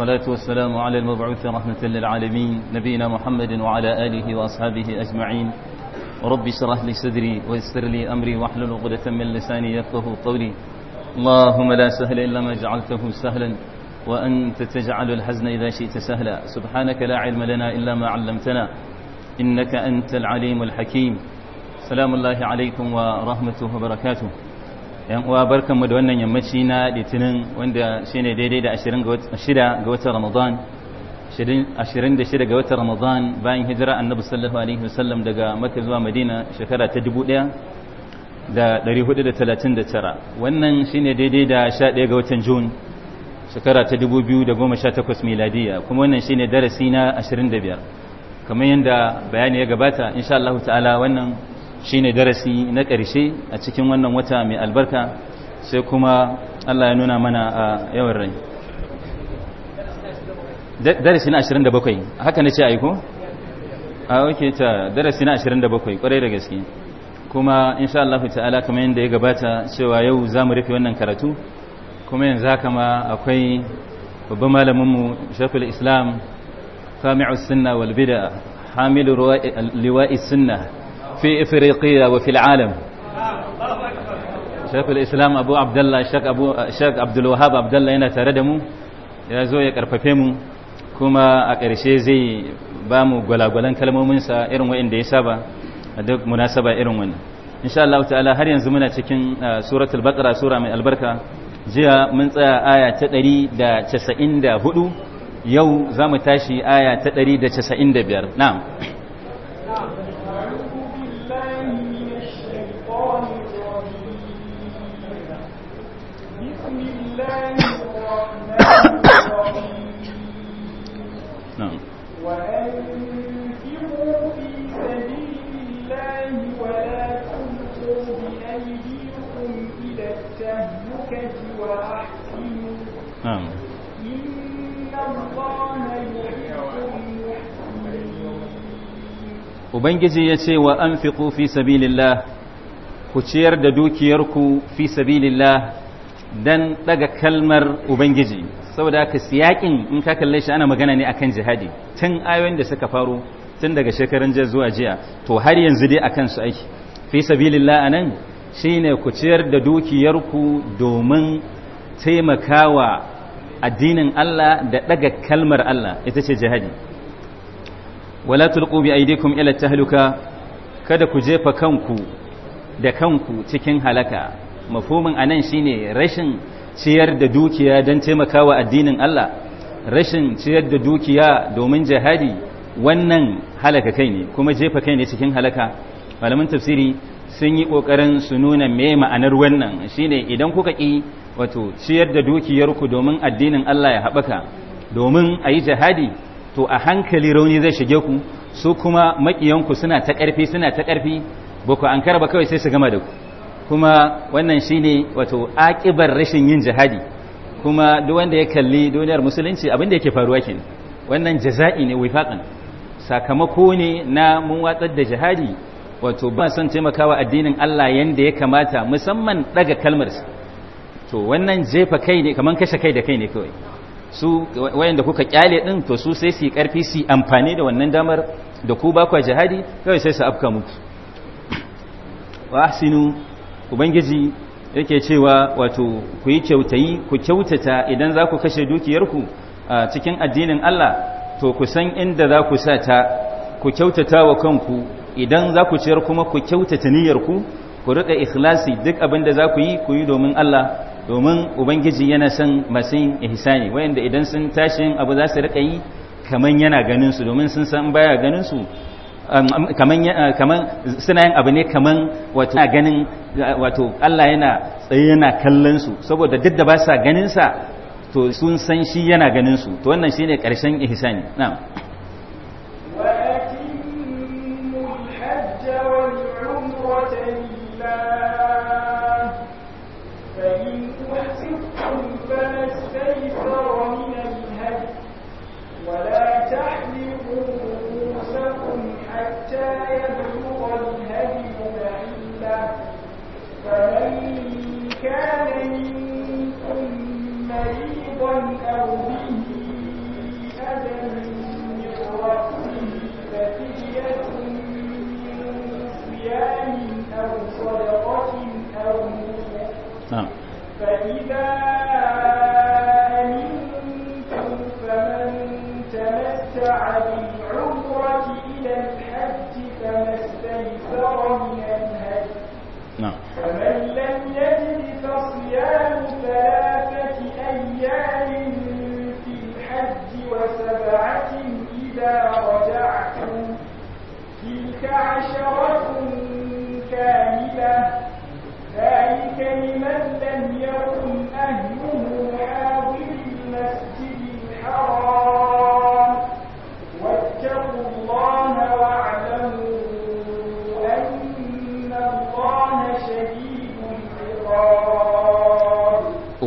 والصلاة والسلام على المبعوث رحمة للعالمين نبينا محمد وعلى آله وأصحابه أجمعين رب اشرح لي صدري ويسر لي أمري واحلل عقدة من لساني يفقه قولي اللهم لا سهل إلا ما جعلته سهلا وأنت تجعل الحزن إذا شئت سهلا سبحانك لا علم لنا إلا ما علمتنا إنك أنت العليم الحكيم سلام الله عليكم ورحمته وبركاته yan uwa barkanmu da wannan yammaci na litinin wanda shine daidai da 26 ga watan ramadan 26 ga watan ramadan bayan hijira annabi sallallahu alaihi wasallam daga makka zuwa madina shekara ta 1439 wannan shine daidai da 11 ga watan jun shekara ta 2018 miladiya kuma wannan shine darasi na 25 kamar yadda bayani ya gabata insha Allah ta'ala wannan shine darasi na ƙarshe a cikin wannan wata mai albarka sai kuma Allah ya nuna mana a yawan rai darasi na 27 haka na ce aiko? a wake ta darasi na 27 kwarai da gaske kuma insha Allah ta'ala kamar yadda ya gabata cewa yau za mu rufe wannan karatu kuma yanzu haka ma akwai babban malaminmu shafil islam sami'u sunna wal bid'a hamilu liwa'i sunna في إفريقيا وفي العالم islam abu abdullah shek abdulwahab abdullah yana tare da mu ya zo ya karfafe mu kuma a ƙarshe zai ba mu gwalagwalan kalmominsa irin wa'inda ya saba a duk munasaba irin wani insha Allah ta'ala har yanzu muna cikin suratul baqara sura mai albarka jiya mun tsaya aya ta 194 yau zamu tashi aya ta ɗari da biyar na'am Ubangiji ya ce wa an fi fi sabilillah ku ciyar da dukiyarku fi sabilillah dan daga kalmar ubangiji saboda haka siyakin in ka kalle shi ana magana ne akan jihadi tun ayoyin da suka faro tun daga shekarun jiya zuwa jiya to har yanzu dai akan su aiki fi sabilillah anan shine ku ciyar da dukiyar ku domin taimakawa addinin Allah da daga kalmar Allah ita ce jihadi wala tulqu bi aydikum ila tahluka kada ku jefa kanku da kanku cikin halaka nan anan shine rashin ciyar da dukiya don taimakawa addinin Allah rashin ciyar da dukiya domin jihadi wannan halaka kai ne kuma jefa kai ne cikin halaka malamin tafsiri sun yi kokarin su nuna me ma'anar wannan shine idan kuka ki wato ciyar da dukiyarku domin addinin Allah ya haɓaka domin a yi jihadi to a hankali rauni zai shige ku su kuma maƙiyanku suna ta ƙarfi suna ta ƙarfi ba ku an ba kawai sai su gama da ku kuma wannan shi ne wato akibar rashin yin jihadi kuma duk wanda ya kalli duniyar musulunci abin da yake faruwa ne wannan jaza'i ne wifaƙan sakamako ne na mun watsar da jihadi wato ba son taimakawa addinin Allah yanda ya kamata musamman daga kalmar to wannan jefa kai ne kaman kashe kai da kai ne kawai su wayanda kuka kyale din to su sai su yi karfi su amfani da wannan damar da ku ba kwa jihadi kawai sai su afka muku wa ahsinu ubangiji yake cewa wato ku yi kyautayi ku kyautata idan za ku kashe dukiyarku a cikin addinin Allah to ku san inda za ku sa ta ku kyautata wa kanku idan za ku ciyar kuma ku kyautata niyyarku ku riƙa ikhlasi duk abin da za ku yi ku yi domin Allah domin ubangiji yana son masu yin ihsani wayanda idan sun tashi abu za su riƙa yi kaman yana ganin su domin sun san baya ganin su Ah, kaman suna yin abu ne kaman wato na ganin ah, wato Allah yana tsaye yana kallon su saboda duk da ba sa ganin sa to sun san shi yana ganin su to wannan shine karshen ihsani na'am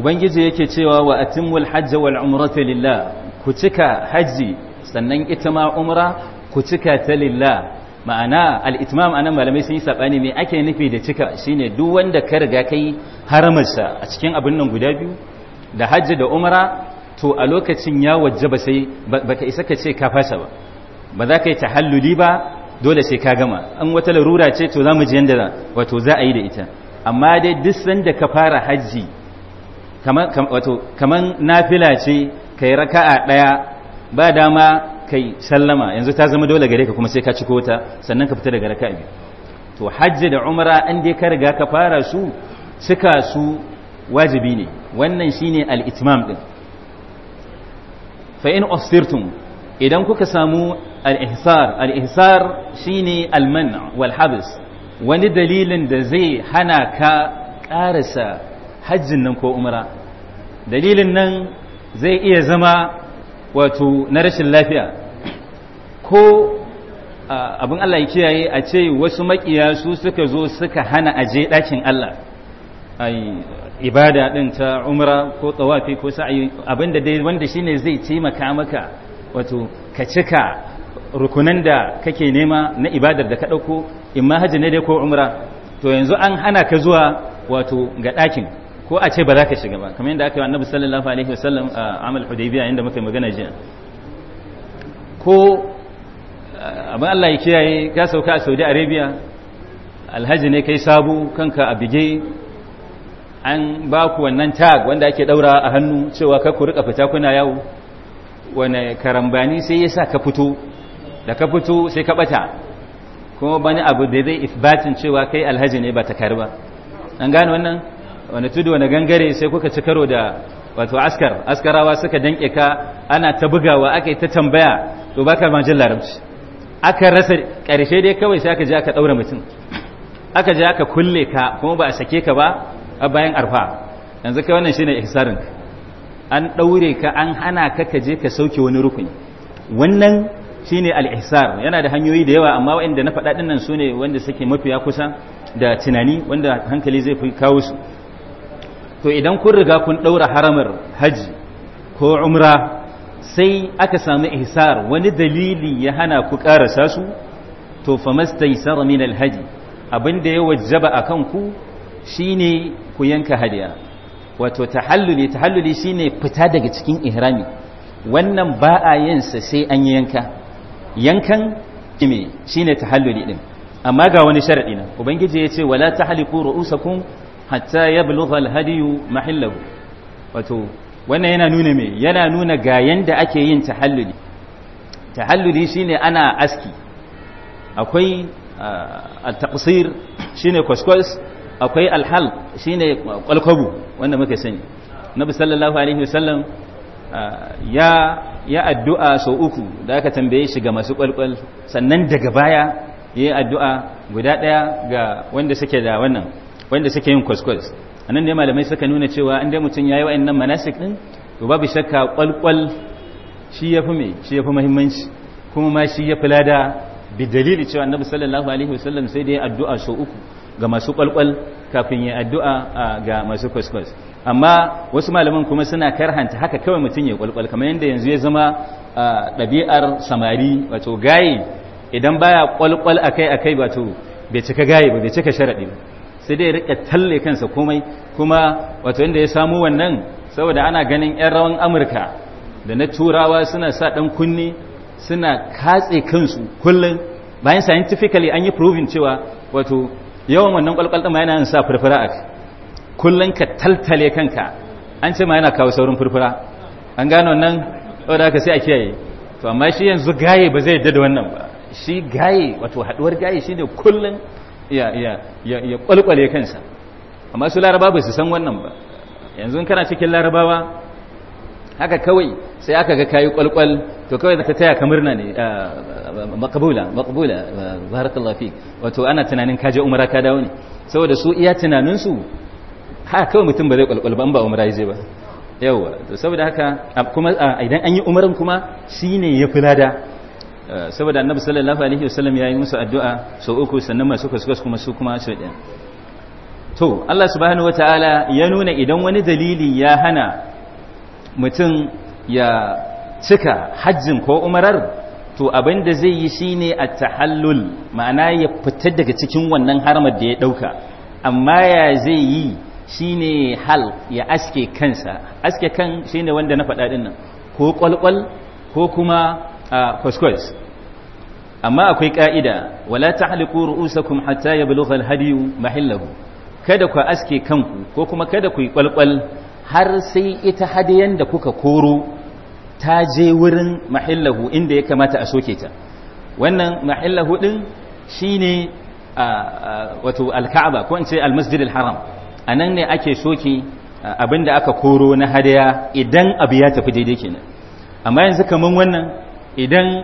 ubangiji yake cewa wa atimul hajji wal umrata lillah ku cika hajji sannan ita ma umra ku cika ta lillah ma'ana al-itmam anan malamai sun yi sabani me ake nufi da cika shine duk wanda ka riga kai haramarsa a cikin abin nan guda biyu da hajji da umra to a lokacin ya wajjaba sai baka isa ka ce ka fasa ba ba za ka yi tahalluli ba dole sai ka gama an wata larura ce to za mu je yanda wato za a yi da ita amma dai duk sanda ka fara hajji kaman nafila ce ka yi raka'a ɗaya ba dama kai sallama yanzu ta zama dole gare ka kuma sai ka ci ta sannan ka fita daga raka'a biyu to hajji da umara an dai ka riga ka fara su suka su wajibi ne wannan shine al-itmam din fa in usirtum idan kuka samu al-ihsar al-ihsar shine al-man' wani dalilin da zai hana ka ƙarasa hajjin nan ko umara dalilin nan zai iya zama wato na rashin lafiya ko abin Allah ya kiyaye a ce wasu makiya su suka zo suka hana aje ɗakin Allah ai ibada ɗin ta umra ko tsawafi ko sa'ayi abinda dai wanda shine zai taimaka maka wato ka cika rukunan da kake nema na ibadar da ka ɗauko imma haji ne dai ko umra to yanzu an hana ka zuwa wato ga ɗakin ko a ce ba za ka shiga ba kamar yadda aka yi annabi sallallahu alaihi wasallam a amal hudaybiya inda muka magana jiya ko eh, abin Allah ya kiyaye ka sauka a Saudi Arabia alhaji ne kai sabu kanka a bige an ba ku wannan tag wanda ake daura a hannu cewa ka ku rika fita kuna yawo wani karambani sai ya sa ka fito da ka fito sai ka bata kuma bani abu da zai isbatin cewa kai alhaji ne ba ta kari ba an gane wannan wani tudu wani gangare sai kuka ci karo da wato askar askarawa suka danke ka ana ta bugawa aka yi ta tambaya to ba ma jin larabci aka rasa karshe dai kawai sai aka je aka daura mutum aka je aka kulle ka kuma ba a sake ka ba a bayan arfa yanzu kai wannan shine ihsarin an daure ka an hana ka ka je ka sauke wani rukuni wannan shine al-ihsar yana da hanyoyi da yawa amma waɗanda na faɗa su ne wanda suke mafiya kusa da tunani wanda hankali zai fi kawo su to idan kun riga kun ɗaura haramar haji ko umra sai aka samu ihsar wani dalili ya hana ku ƙarasa su to fa mastaysar min alhaji abin da ya wajaba akan ku shine ku yanka hadiya wato tahalluli tahalluli shine fita daga cikin ihrami wannan ba a yin sa sai an yanka yankan shine tahalluli din amma ga wani sharadi na ubangiji ya ce wala tahliqu ru'usakum hatta ya bulugha alhadiyu mahallahu wato wannan yana nuna me yana nuna ga yanda ake yin tahalluli tahalluli shine ana aski akwai ah, at-taqsir shine kwaskwas akwai alhal shine kwalkwabu wanda muka sani nabi sallallahu alaihi wasallam ah, ya ya addu'a sau uku da aka tambaye shi ga masu kwalkwal sannan daga baya yayi addu'a guda daya ga wanda suke da wannan wanda suke yin kwaskwas a nan dai malamai suka nuna cewa an dai mutum ya yi wa'in nan manasik ɗin to babu shakka kwalkwal shi ya fi mai shi ya fi mahimmanci kuma ma shi ya fi lada bi dalili cewa annabi sallallahu alaihi wasallam sai dai addu'a so uku ga masu ƙwalƙwal kafin ya addu'a ga masu kwaskwas amma wasu malaman kuma suna karhanta haka kawai mutum ya ƙwalƙwal kamar yadda yanzu ya zama ɗabi'ar samari wato gaye idan baya kwalkwal akai akai wato bai cika gaye ba bai cika sharaɗi ba sai dai rike talle kansa komai kuma wato inda ya samu wannan saboda ana ganin ƴan rawan amurka da na turawa suna sa dan kunni suna katse kansu kullum bayan scientifically an yi proving cewa wato yawan wannan kwalkwal ma yana sa furfura a kullum ka taltale kanka an ce ma yana kawo saurin furfura an gano nan saboda haka sai a kiyaye to amma shi yanzu gaye ba zai yadda da wannan ba shi gaye wato haduwar gaye shine kullum ya kwalkwale kansa amma su laraba ba su san wannan ba yanzu kana cikin larabawa haka kawai sai aka ga kayi kwalkwal to kawai da ta taya ka murna ne ah, makabula makabula barakallahu fi wato ana tunanin kaje umara ka dawo ne saboda su iya tunaninsu ha kawai mutum ba zai kwalkwal ba an ba umara yaje ba yawa to saboda haka ah, kuma ah, idan an yi umaran kuma shine ya fi lada saboda annabi sallallahu alaihi wasallam yayi musu addu'a sau uku sannan masu kuskus kuma su kuma su din to Allah subhanahu wataala ya nuna idan wani dalili ya hana mutum ya cika hajjin ko umarar to abinda zai yi shine at-tahallul ma'ana ya fita daga cikin wannan haramar da ya dauka amma ya zai yi shine hal ya aske kansa aske kan shine wanda na faɗa din nan ko kwalkwal ko kuma a kwaskwas amma akwai ƙa'ida wala ta tahliqu ru'usakum hatta ya al-hadiyu mahillahu kada ku aske kanku ko kuma kada ku yi kwalkwal har sai ita hadiyan da kuka koro ta je wurin mahillahu inda ya kamata a soke ta wannan mahillahu shi shine wato Alka'aba ko in ce Almasjid Alharam a nan ne ake soke abinda aka koro na hadiya idan abu ya tafi daidai kenan amma yanzu kamar wannan idan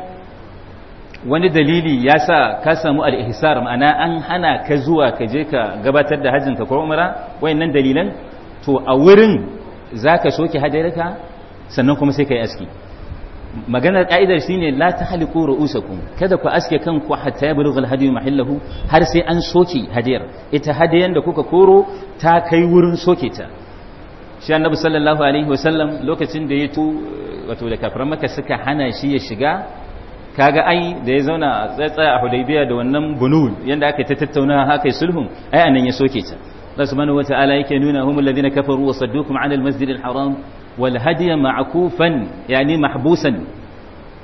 wani dalili ya sa ka samu al'ihisar ma'ana an hana ka zuwa ka je ka gabatar da hajjinka ko umara wayannan dalilan to a wurin za ka soke hajjarka sannan kuma sai ka yi aski maganar ƙa'idar shi ne la ta haliku ru'usakum kada ku aske kanku hatta ya bulughal hadiyu mahallahu har sai an soke hajjar ita hadiyan da kuka koro ta kai wurin soke ta shi annabi sallallahu alaihi wasallam lokacin da ya tu wato da kafiran maka suka hana shi ya shiga kaga ai da ya zauna a tsatsaya a hudaybiya da wannan bunul yanda aka ta tattauna haka yi sulhun ai anan ya soke ta Allah subhanahu wataala yake nuna humul ladina kafaru wa saddukum an al haram wal hadiya ma'kufan yani mahbusan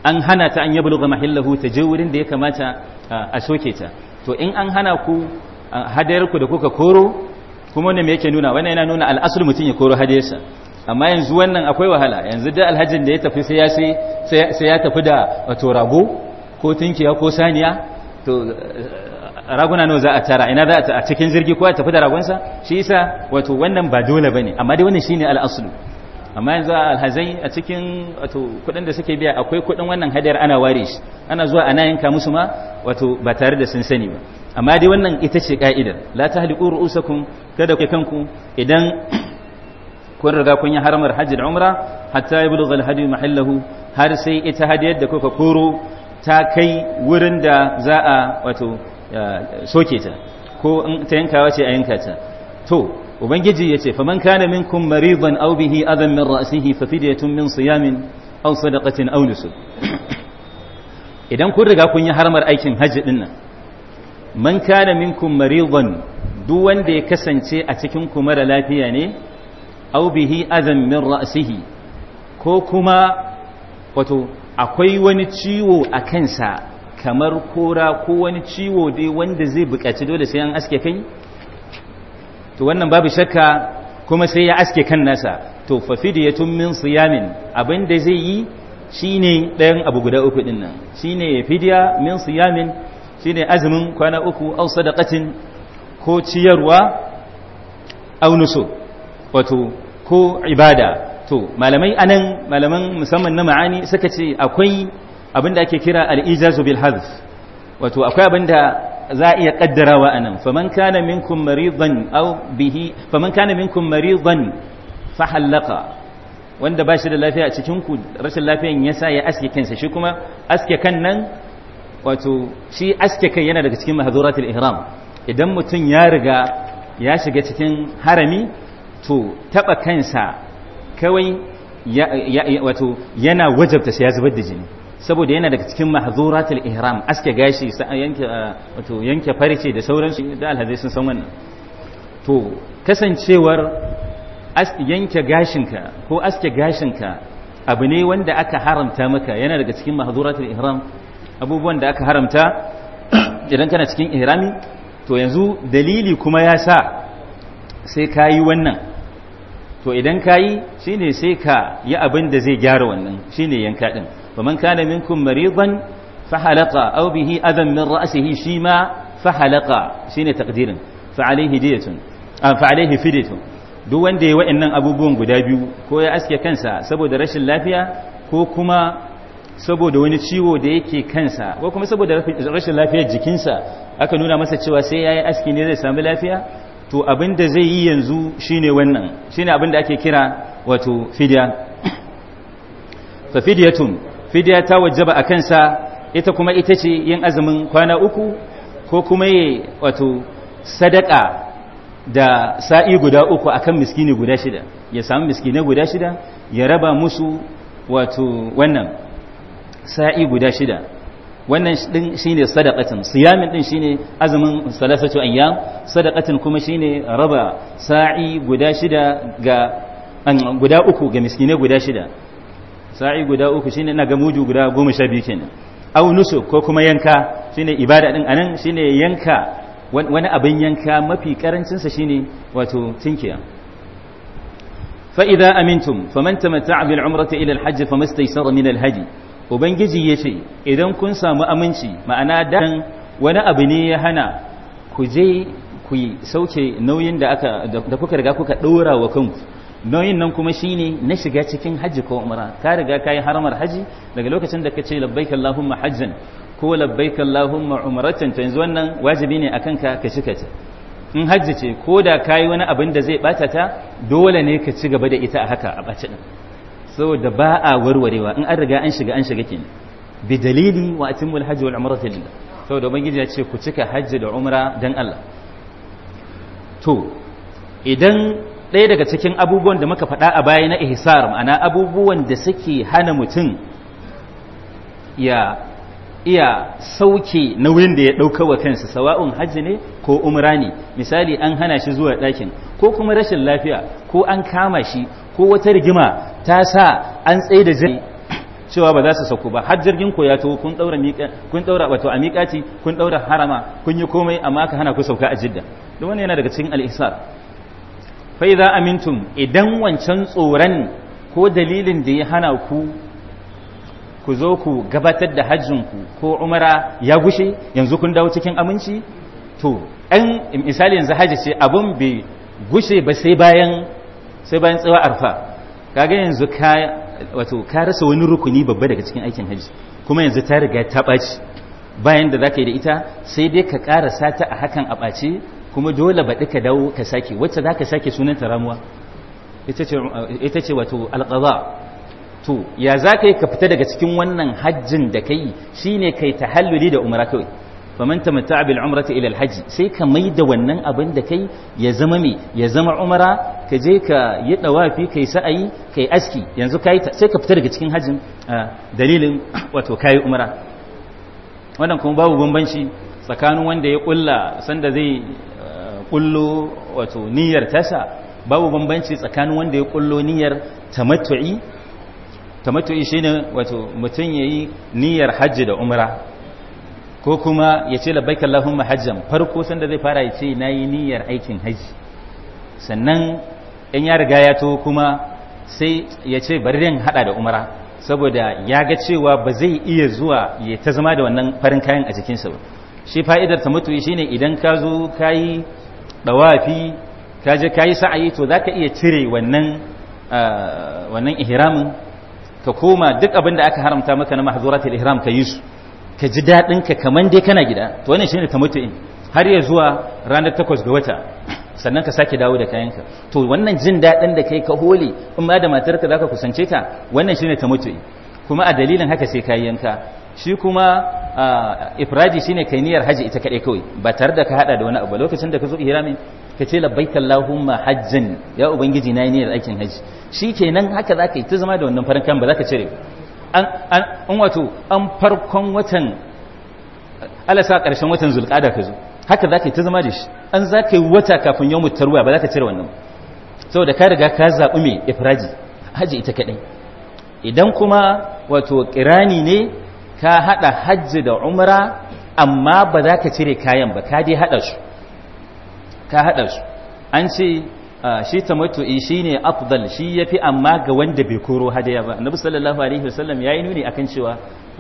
an hana ta an yablugha mahallahu ta je wurin da ya kamata a soke ta to in an hana ku hadayar ku da kuka koro kuma wannan me yake nuna wannan yana nuna al'asul mutum ya koro hadisa amma yanzu wannan akwai wahala yanzu da alhajin da ya tafi sai ya sai ya tafi da wato rago ko tunkiya ko saniya to raguna nawa za a tara ina za a cikin jirgi ko ya tafi da ragonsa shi yasa wato wannan ba dole bane amma dai wannan shine al'asul amma yanzu a alhazai a cikin wato kudin da suke biya akwai kudin wannan hadiyar ana ware shi ana zuwa ana yanka musu ma wato ba tare da sun sani ba amma dai wannan ita ce ka'idar la haliku ru'usakum kada ku kanku idan kun riga kun yi haramar hajji da umra hatta yablugh al-hadi mahallahu har sai ita hadiyar da kuka koro ta kai wurin da za a wato soke ta ko in ta yanka ce a yanka ta to ubangiji yace faman kana minkum maridan aw bihi adan min ra'sihi fa fidyatun min siyamin aw sadaqatin aw nusuk idan kun riga kun yi haramar aikin hajji dinnan man kana minkum maridan duk wanda ya kasance a cikin ku mara lafiya ne aw bihi azan min ra'sihi ko kuma wato akwai wani ciwo a kansa kamar kora ko wani ciwo dai wanda zai buƙaci dole sai an aske kai to wannan babu shakka kuma sai ya aske kan nasa to fa fidyatun min siyamin abin da zai yi shine ɗayan abu guda uku dinnan nan shine ya fidya min siyamin shine azumin kwana uku au sadaqatin ko ciyarwa au nusu wato ko ibada to malamai anan malaman musamman na ma'ani suka ce akwai abin da ake kira al-ijazu bil hadf wato akwai abin da za a iya kaddarawa anan faman kana minkum maridan au bihi faman kana minkum maridan fahallaqa wanda ba shi da lafiya a cikin ku rashin lafiyan yasa ya aske kansa shi kuma aske kan nan wato shi aske kai yana daga cikin mahazuratul ihram idan mutum ya riga ya shiga cikin harami to taba kansa kawai wato yana wajabta sai ya zubar da jini saboda yana daga cikin mahzuratul ihram aske gashi yanke wato yanke farce da sauransu da alhazai sun san wannan to kasancewar yanke gashinka ko aske gashinka abu ne wanda aka haramta maka yana daga cikin mahzuratul ihram abubuwan da aka haramta idan kana cikin ihrami to yanzu dalili kuma ya sa sai ka yi wannan to idan ka yi shi ne sai ka yi abin da zai gyara wannan shi ne yanka ɗin ba man kana minkum mariban fahalaka au bihi adan min ra'asihi shi ma fahalaka shi ne takdirin fa'alaihi diyatun fa'alaihi fidiyatun duk wanda ya wa'annan abubuwan guda biyu ko ya aske kansa saboda rashin lafiya ko kuma saboda wani ciwo da yake kansa ko kuma saboda rashin lafiyar jikinsa aka nuna masa cewa sai ya yi aski ne zai sami lafiya to abin da zai yi yanzu shine wannan shine abin da ake kira wato fidya fa fidyatun fidya ta wajaba a kansa ita kuma ita ce yin azumin kwana uku ko kuma yi wato sadaka da sa'i guda uku akan miskini guda shida ya sami miskini guda shida ya raba musu wato wannan sa'i guda shida wannan din ne sadaqatin siyamin din ne azumin salasatu ayyam sadaqatin kuma shi ne raba sa'i guda shida ga an guda uku ga miskine guda shida sa'i guda uku shine na ga guda goma sha biyu kenan au nusu ko kuma yanka shi ne ibada din anan ne yanka wani abin yanka mafi karancinsa shi ne wato tinkiya fa idza amintum faman tamatta'a bil umrati ila al fa famastaysara min al hadi ubangiji ya ce idan kun samu aminci ma'ana dan wani abu ne ya hana ku je ku sauke nauyin da aka da kuka riga kuka ɗora wa kanku nauyin nan kuma shi ne na shiga cikin hajji ko umara ka riga ka yi haramar hajji daga lokacin da ka ce labbaika allahumma hajjan ko labbaika allahumma umratan to yanzu wannan wajibi ne akan ka ka shika ta in hajji ce ko da kayi wani abin da zai bata ta dole ne ka ci gaba da ita a haka a bace saboda ba a warwarewa in an riga an shiga an shiga kenan bi dalili wa atimul hajji wal umrata lillah saboda ubangiji ya ce ku cika hajji da umra dan Allah to idan ɗaya daga cikin abubuwan da muka faɗa a baya na ihsar ma'ana abubuwan da suke hana mutum ya iya sauke nauyin da ya ɗauka wa kansa sawa'un hajji ne ko umra ne misali an hana shi zuwa ɗakin ko kuma rashin lafiya ko an kama shi ko wata rigima ta sa an tsaye da jirgi cewa ba za su sauko ba har jirgin ko ya to kun daura miƙa kun daura wato a miƙaci kun daura harama kun yi komai amma ka hana ku sauka a jidda don wannan yana daga cikin al-ihsar fa idza amintum idan wancan tsoron ko dalilin da ya hana ku ku zo ku gabatar da ku ko umara ya gushe yanzu kun dawo cikin aminci to ɗan misali yanzu hajji ce abin bai gushe ba sai bayan sai bayan tsawa arfa kaga yanzu ka wato ka rasa wani rukuni babba daga cikin aikin haji kuma yanzu ta riga ta baci bayan da zaka yi da ita sai dai ka ƙara sata a hakan a ɓace kuma dole ba ka dawo ka sake wacce za ka sake sunan ta ramuwa ita ce wato alƙaza to ya za ka yi ka fita daga cikin wannan hajjin da ka shine kai tahalluli da umara kawai faman mata bil umrata ila al sai ka mai da wannan abin da kai ya zama mai ya zama umara ka je ka yi dawafi kai sa'ayi kai aski yanzu kai sai ka fita daga cikin hajjin dalilin wato kai umara wannan kuma babu bambanci tsakanin wanda ya kulla sanda zai kullo wato niyyar tasa babu bambanci tsakanin wanda ya kullo niyyar tamattu'i tamattu'i shine wato mutum yayi niyyar hajji da umara. ko kuma ya ce labbaik Allahumma hajjan farko sanda zai fara ya ce na yi niyyar aikin haji sannan in ya riga ya to kuma sai ya ce bari yin hada da umara saboda ya ga cewa ba zai iya zuwa ya ta zama da wannan farin kayan a jikinsa ba shi fa'idar ta mutu shine idan ka zo ka yi ɗawafi ka je ka yi sa'ayi to za ka iya cire wannan wannan ihramin ka koma duk abin da aka haramta maka na mahzuratul ihram ka yi su ka ji daɗin ka kamar dai kana gida to wannan shine mutu'in har ya zuwa ranar takwas ga wata sannan ka sake dawo da kayanka to wannan jin daɗin da kai ka hole in ma da matarka zaka kusance ta wannan shine mutu'in kuma a dalilin haka sai kayi yanka shi kuma ifradi shine kai niyyar haji ita kadai kawai ba tare da ka hada da wani abu lokacin da ka zo ihrami ka ce labbaika allahumma hajjan ya ubangiji na yi niyyar aikin haji shikenan haka zaka yi ta zama da wannan farin kan ba zaka cire an wato an farkon watan alasa ƙarshen watan zulƙada ka zo haka za ka yi ta zama da shi an za ka yi wata kafin yau mutarwa ba za ka cire wannan saboda ka riga ka zaɓi mai ifraji hajji ita kaɗai idan kuma wato ƙirani ne ka haɗa hajji da umara amma ba za ka cire kayan ba ka dai haɗa su ka haɗa su an ce Ah, shi tamattu'i shine afdal shi yafi amma ga wanda bai koro hadaya ba annabi sallallahu alaihi wasallam yayi nuni akan cewa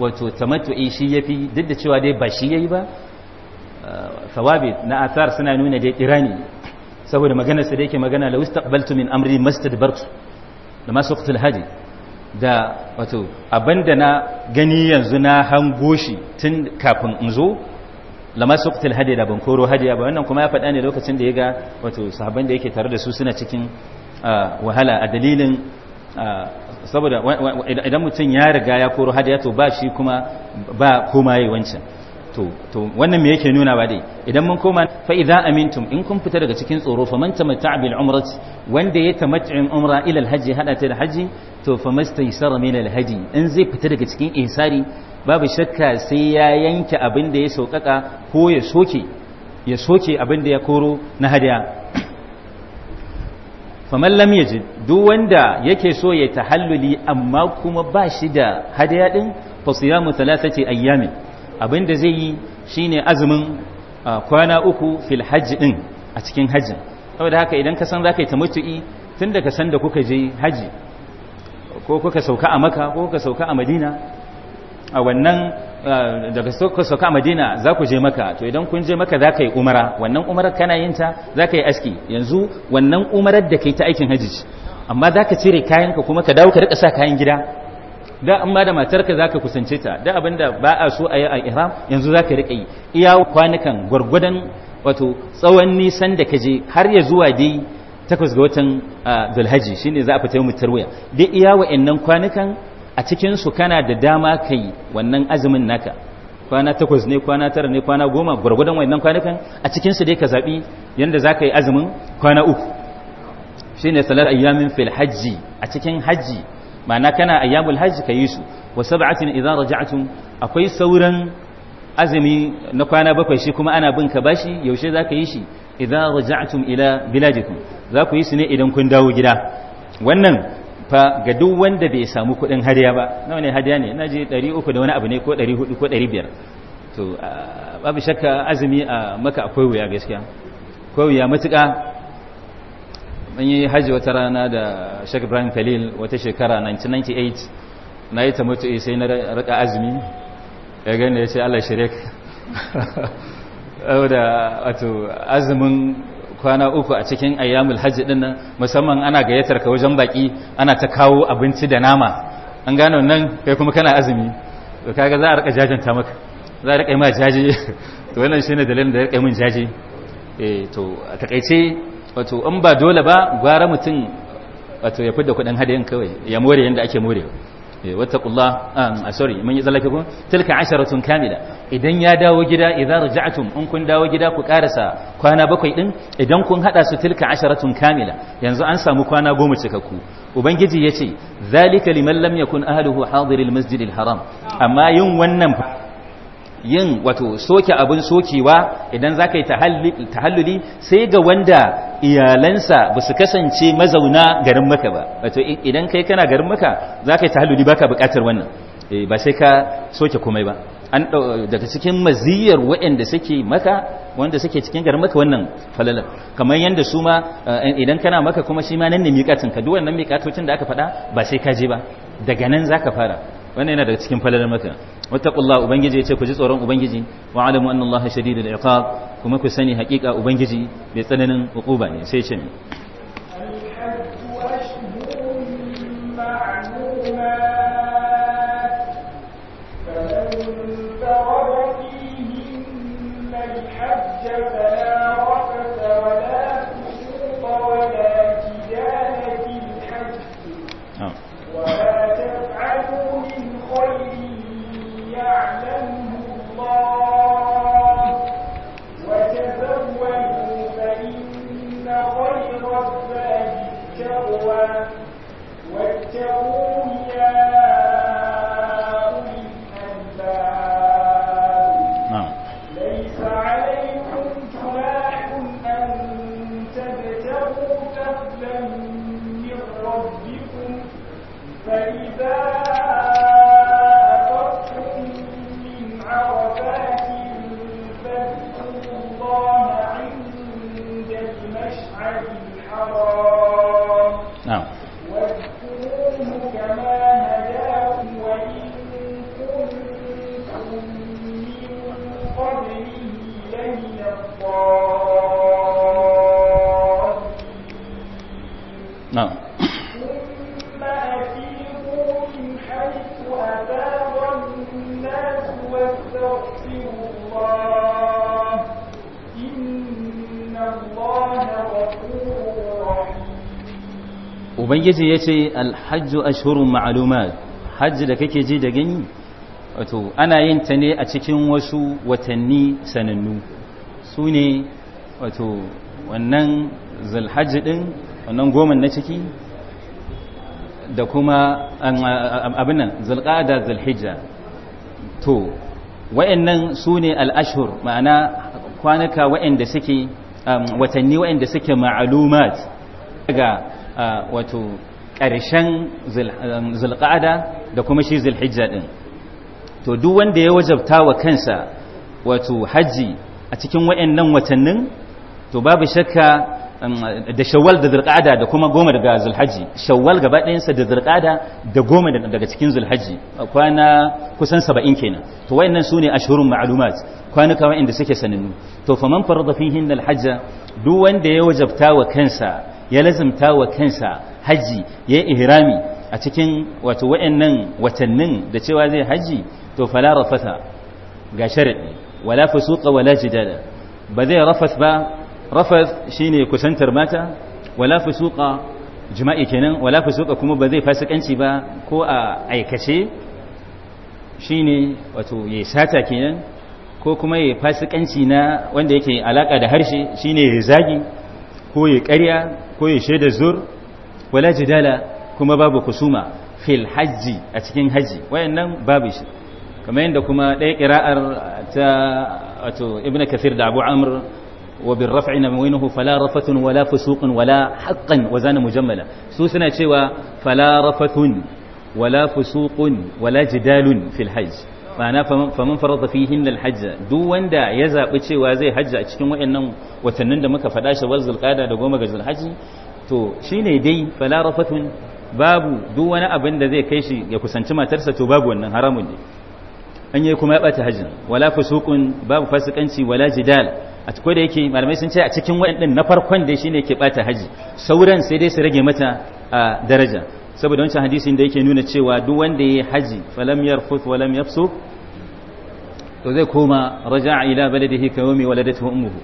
wato tamattu'i shi yafi duk da cewa dai ba shi yayi ba ah, thawabi na athar suna nuna dai kirani saboda magana sa da yake magana la ustaqbaltu min amri mastadbartu da masuqtul hadi da wato abanda na gani yanzu na hango shi tun kafin in zo lama suktil hadi da ban koro hadiya ba wannan kuma ya faɗa ne lokacin da ya ga wato sahabban da yake tare da su suna cikin wahala a dalilin saboda idan mutum ya riga ya koro hadiya to ba shi kuma ba komai wancan to to wannan me yake nuna ba dai idan mun koma fa idza amintum in kun fita daga cikin tsoro fa man tamatta'a bil umrati wanda ya tamatta'in umra ila al hajji hada ta da hajji to fa mastaysara min al hadi in zai fita daga cikin ihsari babu shakka sai ya yanke abin da ya saukaka ko ya soke ya soke abin da ya koro na hadiya faman lam yajid duk wanda yake so ya tahalluli amma kuma ba shi da hadiya din fa siyamu thalathati ayyamin abin da zai yi shine azumin kwana uku fil hajji din a cikin hajjin saboda haka idan kasan san za ka yi tamattu'i tun da ka da kuka je hajji ko kuka sauka a maka ko kuka sauka a madina a wannan daga kuka sauka a madina za ku je maka to idan kun je maka za ka yi umara wannan umarar kana yin ta za ka yi aski yanzu wannan umarar da ka yi ta aikin hajji amma za ka cire kayanka kuma ka dawo ka rika sa kayan gida da amma da matarka ka kusance ta da abinda ba a so a yi a ihram yanzu za ka riƙa yi iya kwanukan gwargwadon wato tsawon nisan da je har ya zuwa dai takwas ga watan shi ne za a fita mutar wuya dai iya wa'annan kwanukan a cikin su kana da dama kai wannan azumin naka kwana takwas ne kwana tara ne kwana goma gwargwadon wannan kwanukan a cikin su dai ka yadda yanda ka yi azumin kwana uku shine salar ayyamin fil hajji a cikin hajji ma'ana kana ayyamul hajji ka yi su wa sab'atin idza raja'tum akwai sauran azumi na kwana bakwai shi kuma ana bin ka bashi yaushe za ka yi shi idza raja'tum ila biladikum za ku yi su ne idan kun dawo gida wannan fa ga duk wanda bai samu kuɗin hadiya ba nawa ne hadiya ne na je 300 da wani abu ne ko 400 ko 500 to babu shakka azumi a maka akwai wuya gaskiya akwai wuya matuƙa mun yi haji wata rana da Sheikh Ibrahim Khalil wata shekara 1998 na yi ta mutu sai na rika azumi ya gani ya ce Allah shirek da wato azumin kwana uku a cikin ayyamul haji din nan musamman ana gayyatar ka wajen baki ana ta kawo abinci da nama an gano nan kai kuma kana azumi to kaga za a rika jajanta maka za a rika yi ma jaje to wannan shine dalilin da ya rika min jaje eh to a takaice wato in ba dole ba gwara mutum wato ya fidda kudin hadayin kawai ya more yadda ake morewa eh, wattaqullah um, ah sorry mun yi zalaka ko tilka asharatun kamila idan ya dawo gida idan raja'tum in kun dawo gida ku karasa kwana bakwai din idan kun hada su tilka asharatun kamila yanzu an samu kwana goma cikakku ubangiji ya ce zalika liman lam yakun ahluhu hadiril masjidil haram amma yin wannan yin wato soke abin sokewa idan za ka yi tahalluli sai ga wanda iyalansa ba su kasance mazauna garin maka ba wato idan kai kana garin maka za ka yi tahalluli ba ka bukatar wannan eh, ba sai ka soke komai ba an daga cikin maziyar waɗanda suke maka wanda suke cikin garin maka wannan falalar kamar yadda su ma eh, idan kana maka kuma shi ma nan ne miƙatin ka duk wannan miƙatocin da aka faɗa ba sai ka je ba daga nan za ka fara wannan yana daga cikin falalar maka wattaqullah ubangiji yace ku ji tsoron ubangiji wa alamu anna allaha shadidul iqab kuma ku sani haƙiƙa ubangiji bai tsananin uquba ne sai ce نعم ثم أتيبوا من حيث أتاب الناس واستغفروا الله إن الله غفور رحيم الحج أشهر معلومات حج لكي يجي دقيني wato ana yin ta ne a cikin wasu watanni sanannu su ne wato wannan zulhajji din wannan goman na ciki da kuma abinan zulqada zulhijja to wayannan su ne al'ashur ma'ana kwanaka wayanda suke um, watanni wayanda suke ma'alumat daga uh, wato ƙarshen um, zulqada da kuma shi zulhijja din to duk wanda ya wajabta wa kansa wato haji a cikin wayannan watannin to babu shakka um, da shawwal da zulqa'ada da kuma goma daga zulhaji shawwal gaba ɗayansa da zulqa'ada da goma daga cikin zulhaji kwana kusan 70 kenan to wayannan sune ashhurun ma'lumat kwanuka wayanda suke sanannu to man farada fihin hajja duk wanda ya wajabta wa kansa ya lazimta wa kansa haji ya ihrami a cikin wato wayannan watannin da cewa zai haji to fala rafasa ga sharadi wala fusuqa wala jidala ba zai rafas ba rafas shine kusantar mata wala fusuqa jima'i kenan wala fusuqa kuma ba zai fasikanci ba ko a aikace shine wato ya sata kenan ko kuma ya fasikanci na wanda yake alaka da harshe shine ya zagi ko ya ƙarya ko ya shaida zur wala jidala kuma babu kusuma fil hajji a cikin hajji wayannan babu shi kamar yadda kuma ɗaya ƙira'ar ta wato ibn kathir da abu amr wa bin raf'i na mawinuhu fala rafatun wala fusuqun wala haqqan wa zana mujammala su suna cewa fala rafatun wala fusuqun wala jidalun fil hajj ma'ana faman farata fihin alhajja duk wanda ya zaɓi cewa zai hajja a cikin waɗannan watannin da muka faɗa shawar zulƙada da goma ga zulhaji to shine dai falarafatun babu duk wani abin da zai kai shi ya kusanci matarsa to babu wannan haramun ne an yi kuma ya bata hajjin wala fasukun babu fasikanci wala jidal a ko da yake malamai sun ce a cikin waɗannan na farkon shi shine ke bata haji sauran sai dai su rage mata a daraja saboda wancan hadisin da yake nuna cewa duk wanda ya haji falam yarfuth walam to zai koma raja'a ila baladihi ka yawmi waladatuhu ummuhu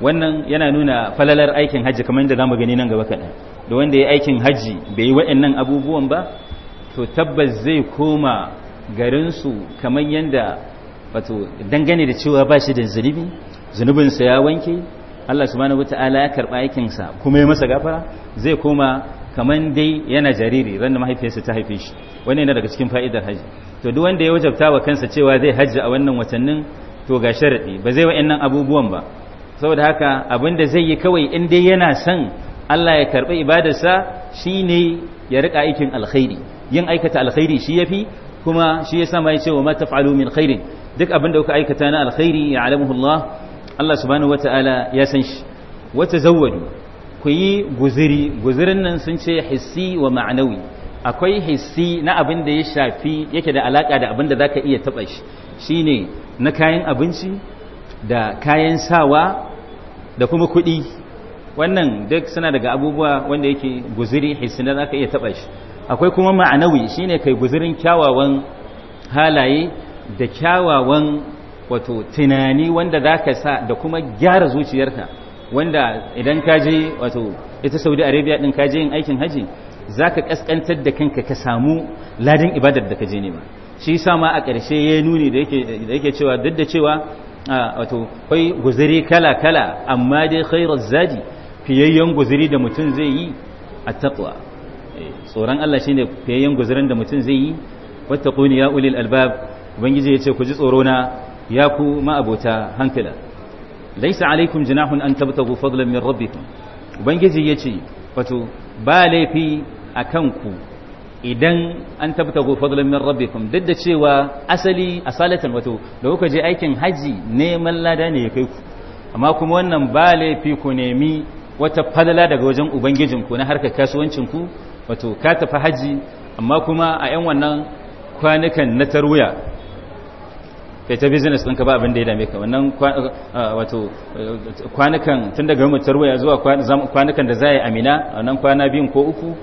wannan yana nuna falalar aikin haji kamar yadda zamu gani nan gaba kaɗan da wanda ya aikin haji bai yi waɗannan abubuwan ba to tabbas zai koma garinsu kamar yadda wato dangane da cewa ba shi da zunubi zunubinsa ya wanke Allah subhanahu wata'ala ya karɓa aikinsa kuma ya masa gafara zai koma kamar dai yana jariri ran da mahaifiyarsa ta haife shi wani yana daga cikin fa'idar hajji to duk wanda ya wajabta wa kansa cewa zai hajji a wannan watannin to ga sharaɗi ba zai wa'annan abubuwan ba saboda haka abin da zai yi kawai in dai yana son Allah ya karɓi ibadarsa ne ya riƙa aikin alkhairi yin aikata alkhairi shi ya fi. kuma shi yasa ya ce wa mata fa’alu min khairi duk abin da kuka aikata na alkhairi ya alamuhu Allah Allah subhanahu wataala ya san shi wata tazawwadu ku yi guziri guzirin nan sun ce hissi wa ma'anawi akwai hissi na abin da ya shafi yake da alaka da abin da za ka iya taɓa shi shine na kayan abinci da kayan sawa da kuma kuɗi wannan duk suna daga abubuwa wanda yake guziri hissi na ka iya taɓa shi akwai kuma ma'anawi shine kai guzurin kyawawan halaye da kyawawan wato tunani wanda za sa da kuma gyara zuciyarka wanda idan ka je wato ita saudi arabia din ka je yin aikin haji zaka ka kaskantar da kanka ka samu ladin ibadar da ka je nema shi yasa ma a ƙarshe ya nuni da yake cewa duk da cewa wato kai guzuri kala kala amma dai khairuz zadi fiyayyen guzuri da mutum zai yi a taqwa tsoron Allah shine fiyayyen guzurin da mutum zai yi wattaquni ya ulil albab ubangiji yace ku ji tsoro na ya ku ma'abota hankala laisa alaikum jinahun an tabtagu fadlan min rabbikum ubangiji yace wato ba laifi akan ku idan an tabtagu fadlan min rabbikum duk da cewa asali asalatan wato da kuka je aikin haji neman lada ne ya kai ku amma kuma wannan ba laifi ku nemi wata fadala daga wajen ubangijinku na harkar kasuwancinku wato ka tafi haji amma kuma a 'yan wannan kwanukan na tarwiya kai ta business ɗinka ba abin da ya dame ka wannan kwanukan tun daga mu tarwiya zuwa kwanukan da za a yi amina wannan kwana biyun ko uku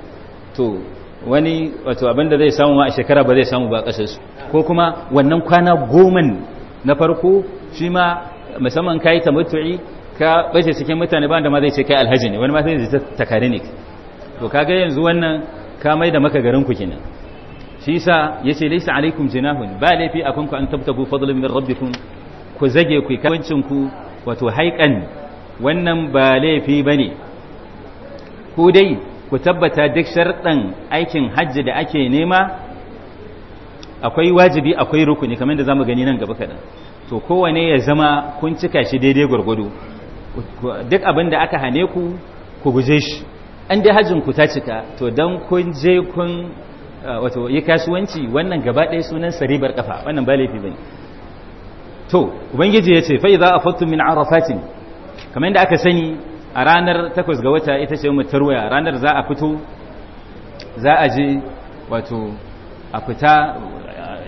to wani wato abin da zai samu ma a shekara ba zai samu ba ƙasarsu ko kuma wannan kwana goman na farko shi ma musamman ka yi ta mutu'i ka bace cikin mutane ba da ma zai ce kai alhaji ne wani ma sai zai ta ne to ka ga yanzu wannan ka mai da maka garin ku kenan shi yasa yace laysa alaikum jinahun ba laifi akan ku an tabtagu fadlan min rabbikum ku zage ku kawancin ku wato haikan wannan ba laifi bane ku dai ku tabbata duk sharɗan aikin hajji da ake nema akwai wajibi akwai rukuni kamar da zamu gani nan gaba kadan to kowane ya zama kun cika shi daidai gwargwado duk abin da aka hane ku ku guje shi an dai hajjin ku ta cika to dan kun je kun uh, wato yi kasuwanci wannan gaba ɗaya sunan saribar kafa wannan ba laifi bane to ubangiji ya ce fa idza afattum min arafatin kamar yadda aka sani a ranar 8 ga wata ita ce mutar waya ranar za a fito za a je wato a fita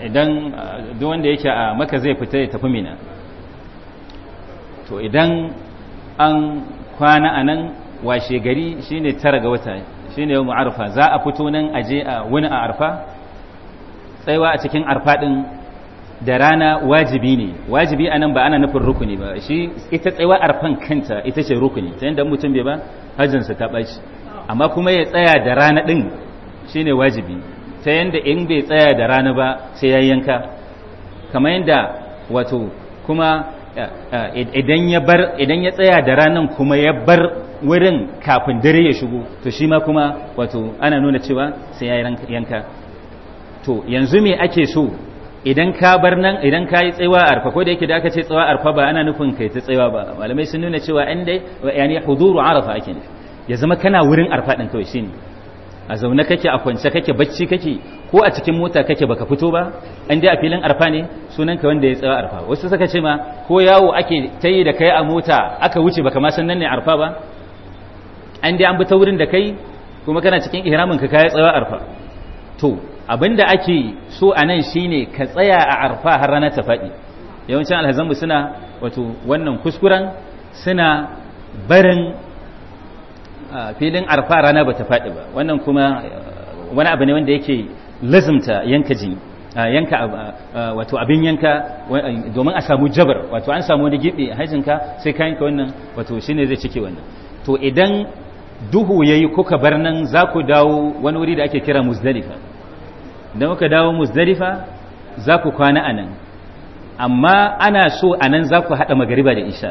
idan uh, duk wanda yake a maka zai fita ya tafi mina to idan an kwana anan washe gari shine tara ga wata shine yau arfa za a fito nan a je a wani a arfa tsaiwa a cikin arfa din da rana wajibi ne wajibi anan ba ana nufin rukuni ba shi ita tsaiwa arfan kanta ita ce rukuni ta yadda mutum bai ba hajjinsa ta ɓaci amma kuma ya tsaya da rana ɗin shine wajibi ta yadda in bai tsaya da rana ba sai ya yanka kamar yadda wato kuma eh, eh, idan ya tsaya da ranan kuma ya bar wurin kafin dare ya shigo to shi ma kuma wato ana nuna cewa sai ya yanka to yanzu me ake so idan ka bar nan idan ka yi tsayawa arfa ko da yake da aka ce tsayawa arfa ba ana nufin kai ta tsayawa ba malamai sun nuna cewa an dai yani huduru arafa ake ne ya zama kana wurin arfa din kawai shine a zaune kake a kwance kake bacci kake ko a cikin mota kake baka fito ba an dai a filin arfa ne sunan ka wanda ya tsawa arfa wasu suka ce ma ko yawo ake ta yi da kai a mota aka wuce baka ma san nan ne arfa ba an dai an bi ta wurin da kai kuma kana cikin ihramin ka kai tsawa arfa to abinda ake so a nan shine ka tsaya a arfa har rana ta faɗi yawancin alhazanmu suna wato wannan kuskuren suna barin filin arfa rana ba ta faɗi ba wannan kuma wani abu ne wanda yake lazimta yanka jini yanka wato abin yanka domin a samu jabar wato an samu wani gibe hajjinka sai ka yanka wannan wato shine zai cike wannan to idan duhu yayi kuka bar nan za ku dawo wani wuri da ake kira muzdalifa da muka dawo muzdalifa za ku kwana a nan amma ana so a nan za ku haɗa magariba da isha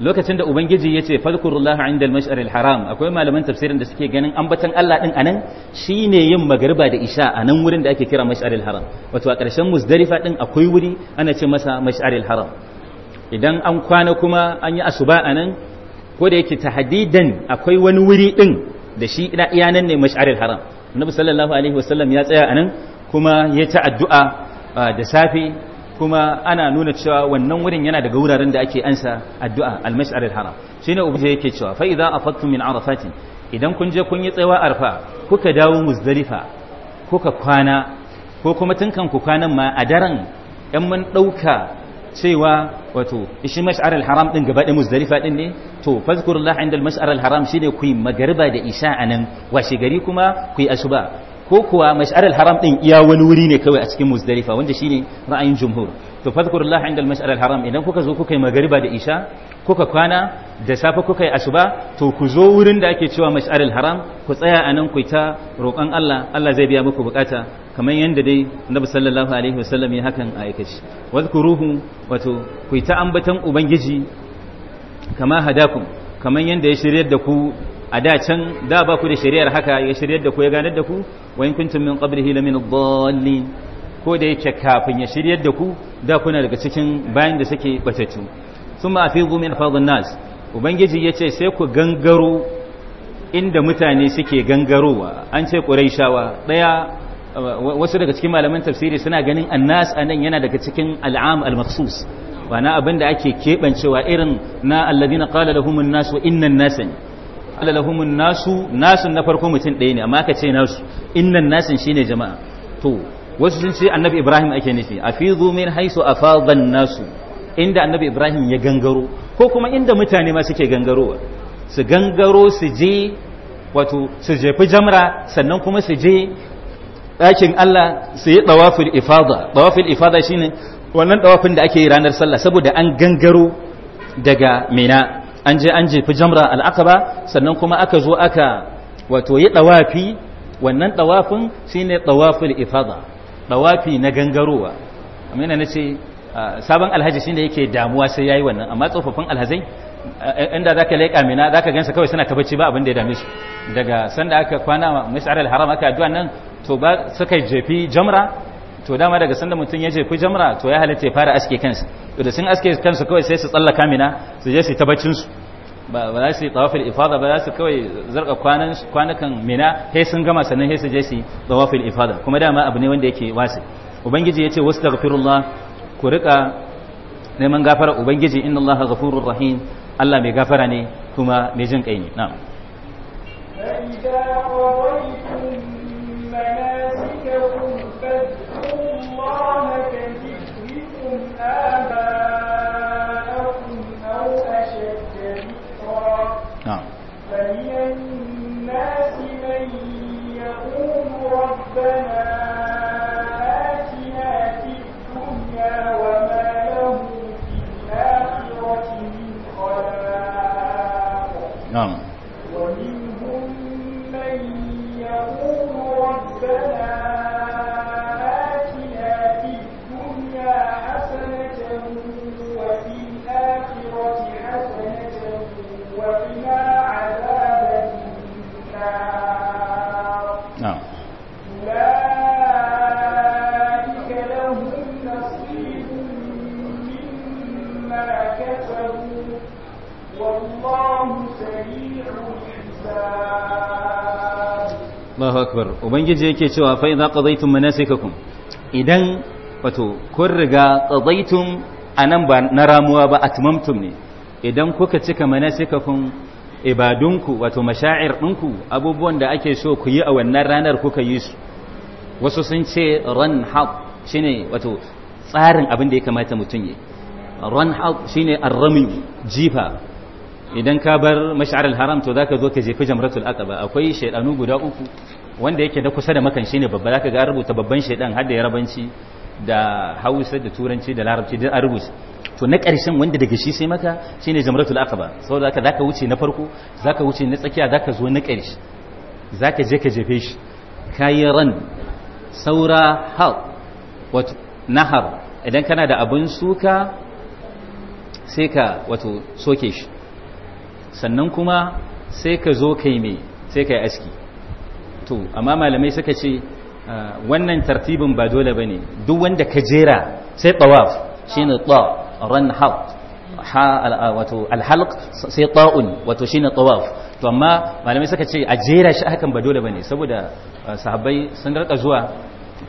lokacin da ubangiji ya ce fadkurullah inda al haram akwai malaman tafsirin da suke ganin ambatan Allah ɗin anan shine yin magariba da isha a nan wurin da ake kira mash'ar haram wato a ƙarshen muzdalifa ɗin akwai wuri ana ce masa Masharil haram idan an kwana kuma an yi asuba anan ko da yake tahdidan akwai wani wuri din da shi ina nan ne mash'aril haram annabi sallallahu alaihi wasallam ya tsaya anan kuma ya ta addu'a da safe kuma ana nuna cewa wannan wurin yana daga wuraren da ake ansa addu'a al-mash'aril haram shine ubangiji yake cewa fa idza afattum min arafatin idan kun je kun yi tsawa arfa kuka dawo muzdalifa kuka kwana ko kuma tun kan ku kwanan ma a daren ɗan mun ɗauka cewa wato shi mash'ar al-haram din gaba da muzdalifa din ne to fazkurullah inda mashar al-haram shine ku magariba da isha anan washe gari kuma ku asuba ko kuwa mash'ar al-haram din iya wani wuri ne kawai a cikin muzdalifa wanda shine ra'ayin jumhur to fazkurullah inda mashar al-haram idan kuka zo kuka yi magariba da isha kuka kwana da safe kuka yi asuba to ku zo wurin da ake cewa mas'aril haram ku tsaya a nan ku ta roƙon Allah Allah zai biya muku bukata kamar yadda dai Annabi sallallahu alaihi wasallam ya hakan a aikace wazkuruhu wato ku ta ambatan ubangiji kama hadakum kamar yadda ya shiryar da ku a da can da ba ku da shari'ar haka ya shiryar da ku ya ganar da ku wa in kuntum min la min dallin ko da yake kafin ya shiryar da ku da kuna daga cikin bayan da suke batatu thumma afidu min fadhin nas ubangiji ya ce sai ku gangaro inda mutane suke gangarowa an ce quraishawa ɗaya wasu daga cikin malaman tafsiri suna ganin annas nan yana daga cikin al'am al-makhsus ba na abin da ake keɓancewa irin na alladina qala lahum an nasu wa inna an-nas qala lahum an-nasu nasun na farko mutum ɗaya ne amma ka ce nasu innan an shi ne jama'a to wasu sun ce annabi ibrahim ake nufi a afizu min haisu a an-nasu inda annabi ibrahim ya gangaro ko kuma inda mutane ma suke gangarowa su gangaro su je wato su jefi jamra sannan kuma su je ɗakin allah su yi ɗawafil ifada ɗawafin ifada shine wannan ɗawafin da ake yi ranar sallah saboda an gangaro daga mina an je an jefi jamra al'aqaba sannan kuma aka zo aka wato yi ɗawafi wannan ɗawafin shine ɗawafin ifada ɗawafi na gangarowa Amina na ce Ah, sabon alhaji shine yake damuwa sai yi wannan amma tsofaffin alhazai eh, inda zaka leka mina zaka gansa kawai suna ta ba abin da ya dame su daga sanda aka kwana mis'ar al aka addu'a nan to ba suka jefi jamra to dama daga sanda mutum ya jefi jamra to ya halatta ya fara aske kansa to da sun aske kansu kawai sai su tsallaka mina su je su ta baccin su ba za su yi ifada ba za su kawai zarga kwanakan mina sai sun gama sannan sai su je su tawafil ifada kuma dama abu ne wanda yake wasi ubangiji ya ce wasu wastaghfirullah ku rika neman gafara ubangiji inna allaha ghafurur rahim Allah mai gafara ne kuma mai jin kai ne na'am ربنا akbar ubangiji yake cewa fa idza qadaytum manasikakum idan wato kun riga qadaytum anan ba na ramuwa ba atmamtum ne idan kuka cika manasikakum ibadunku wato mashaa'ir dinku abubuwan da ake so ku yi a wannan ranar kuka yi su wasu sun ce ran haq shine wato tsarin abin da ya kamata mutum yi ran haq shine arrami jifa idan ka bar mash'ar haram to zaka zo ka jefi jamratul aqaba akwai shaydanu guda uku wanda yake na kusa da makan ne babba ka ga rubuta babban shedan har da yarabanci da hausa da turanci da larabci duk an rubuta to na ƙarshen wanda daga shi sai maka shine jamratul aqaba saboda haka zaka wuce na farko zaka wuce na tsakiya zaka zo na ƙarshe zaka je ka jefe shi kayi ran saura hal wato nahar idan kana da abin suka sai ka wato soke shi sannan kuma sai ka zo kai me sai ka yi aski to amma malamai suka ce ah, wannan tartibin ba dole ba ne duk wanda ka jera sai tawaf shi ne ran haq ah, wato alhalq sai ta'un wato shi ne tawaf to amma malamai suka ce a jera shi hakan ba dole ba ne saboda ah, sahabbai sun rika zuwa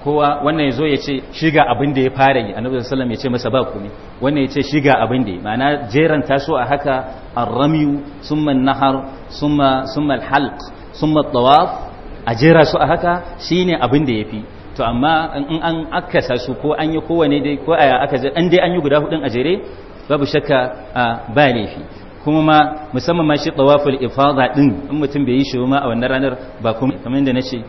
kowa wannan ya zo ya ce shiga abin da ya fara yi annabi sallallahu ya ce masa ba ne wannan ya ce shiga abin da ma'ana jeran taso a haka arramiyu summa nahar summa summa alhalq summa tawaf a jera su a haka shi ne abin da ya fi to amma in an sa su ko an yi kowane dai ko aya aka an dai an yi guda hudun a jere babu shakka ba laifi kuma ma musamman ma shi tawaful ifada din in mutum bai yi shi ma a wannan ranar ba kuma kamar yadda nace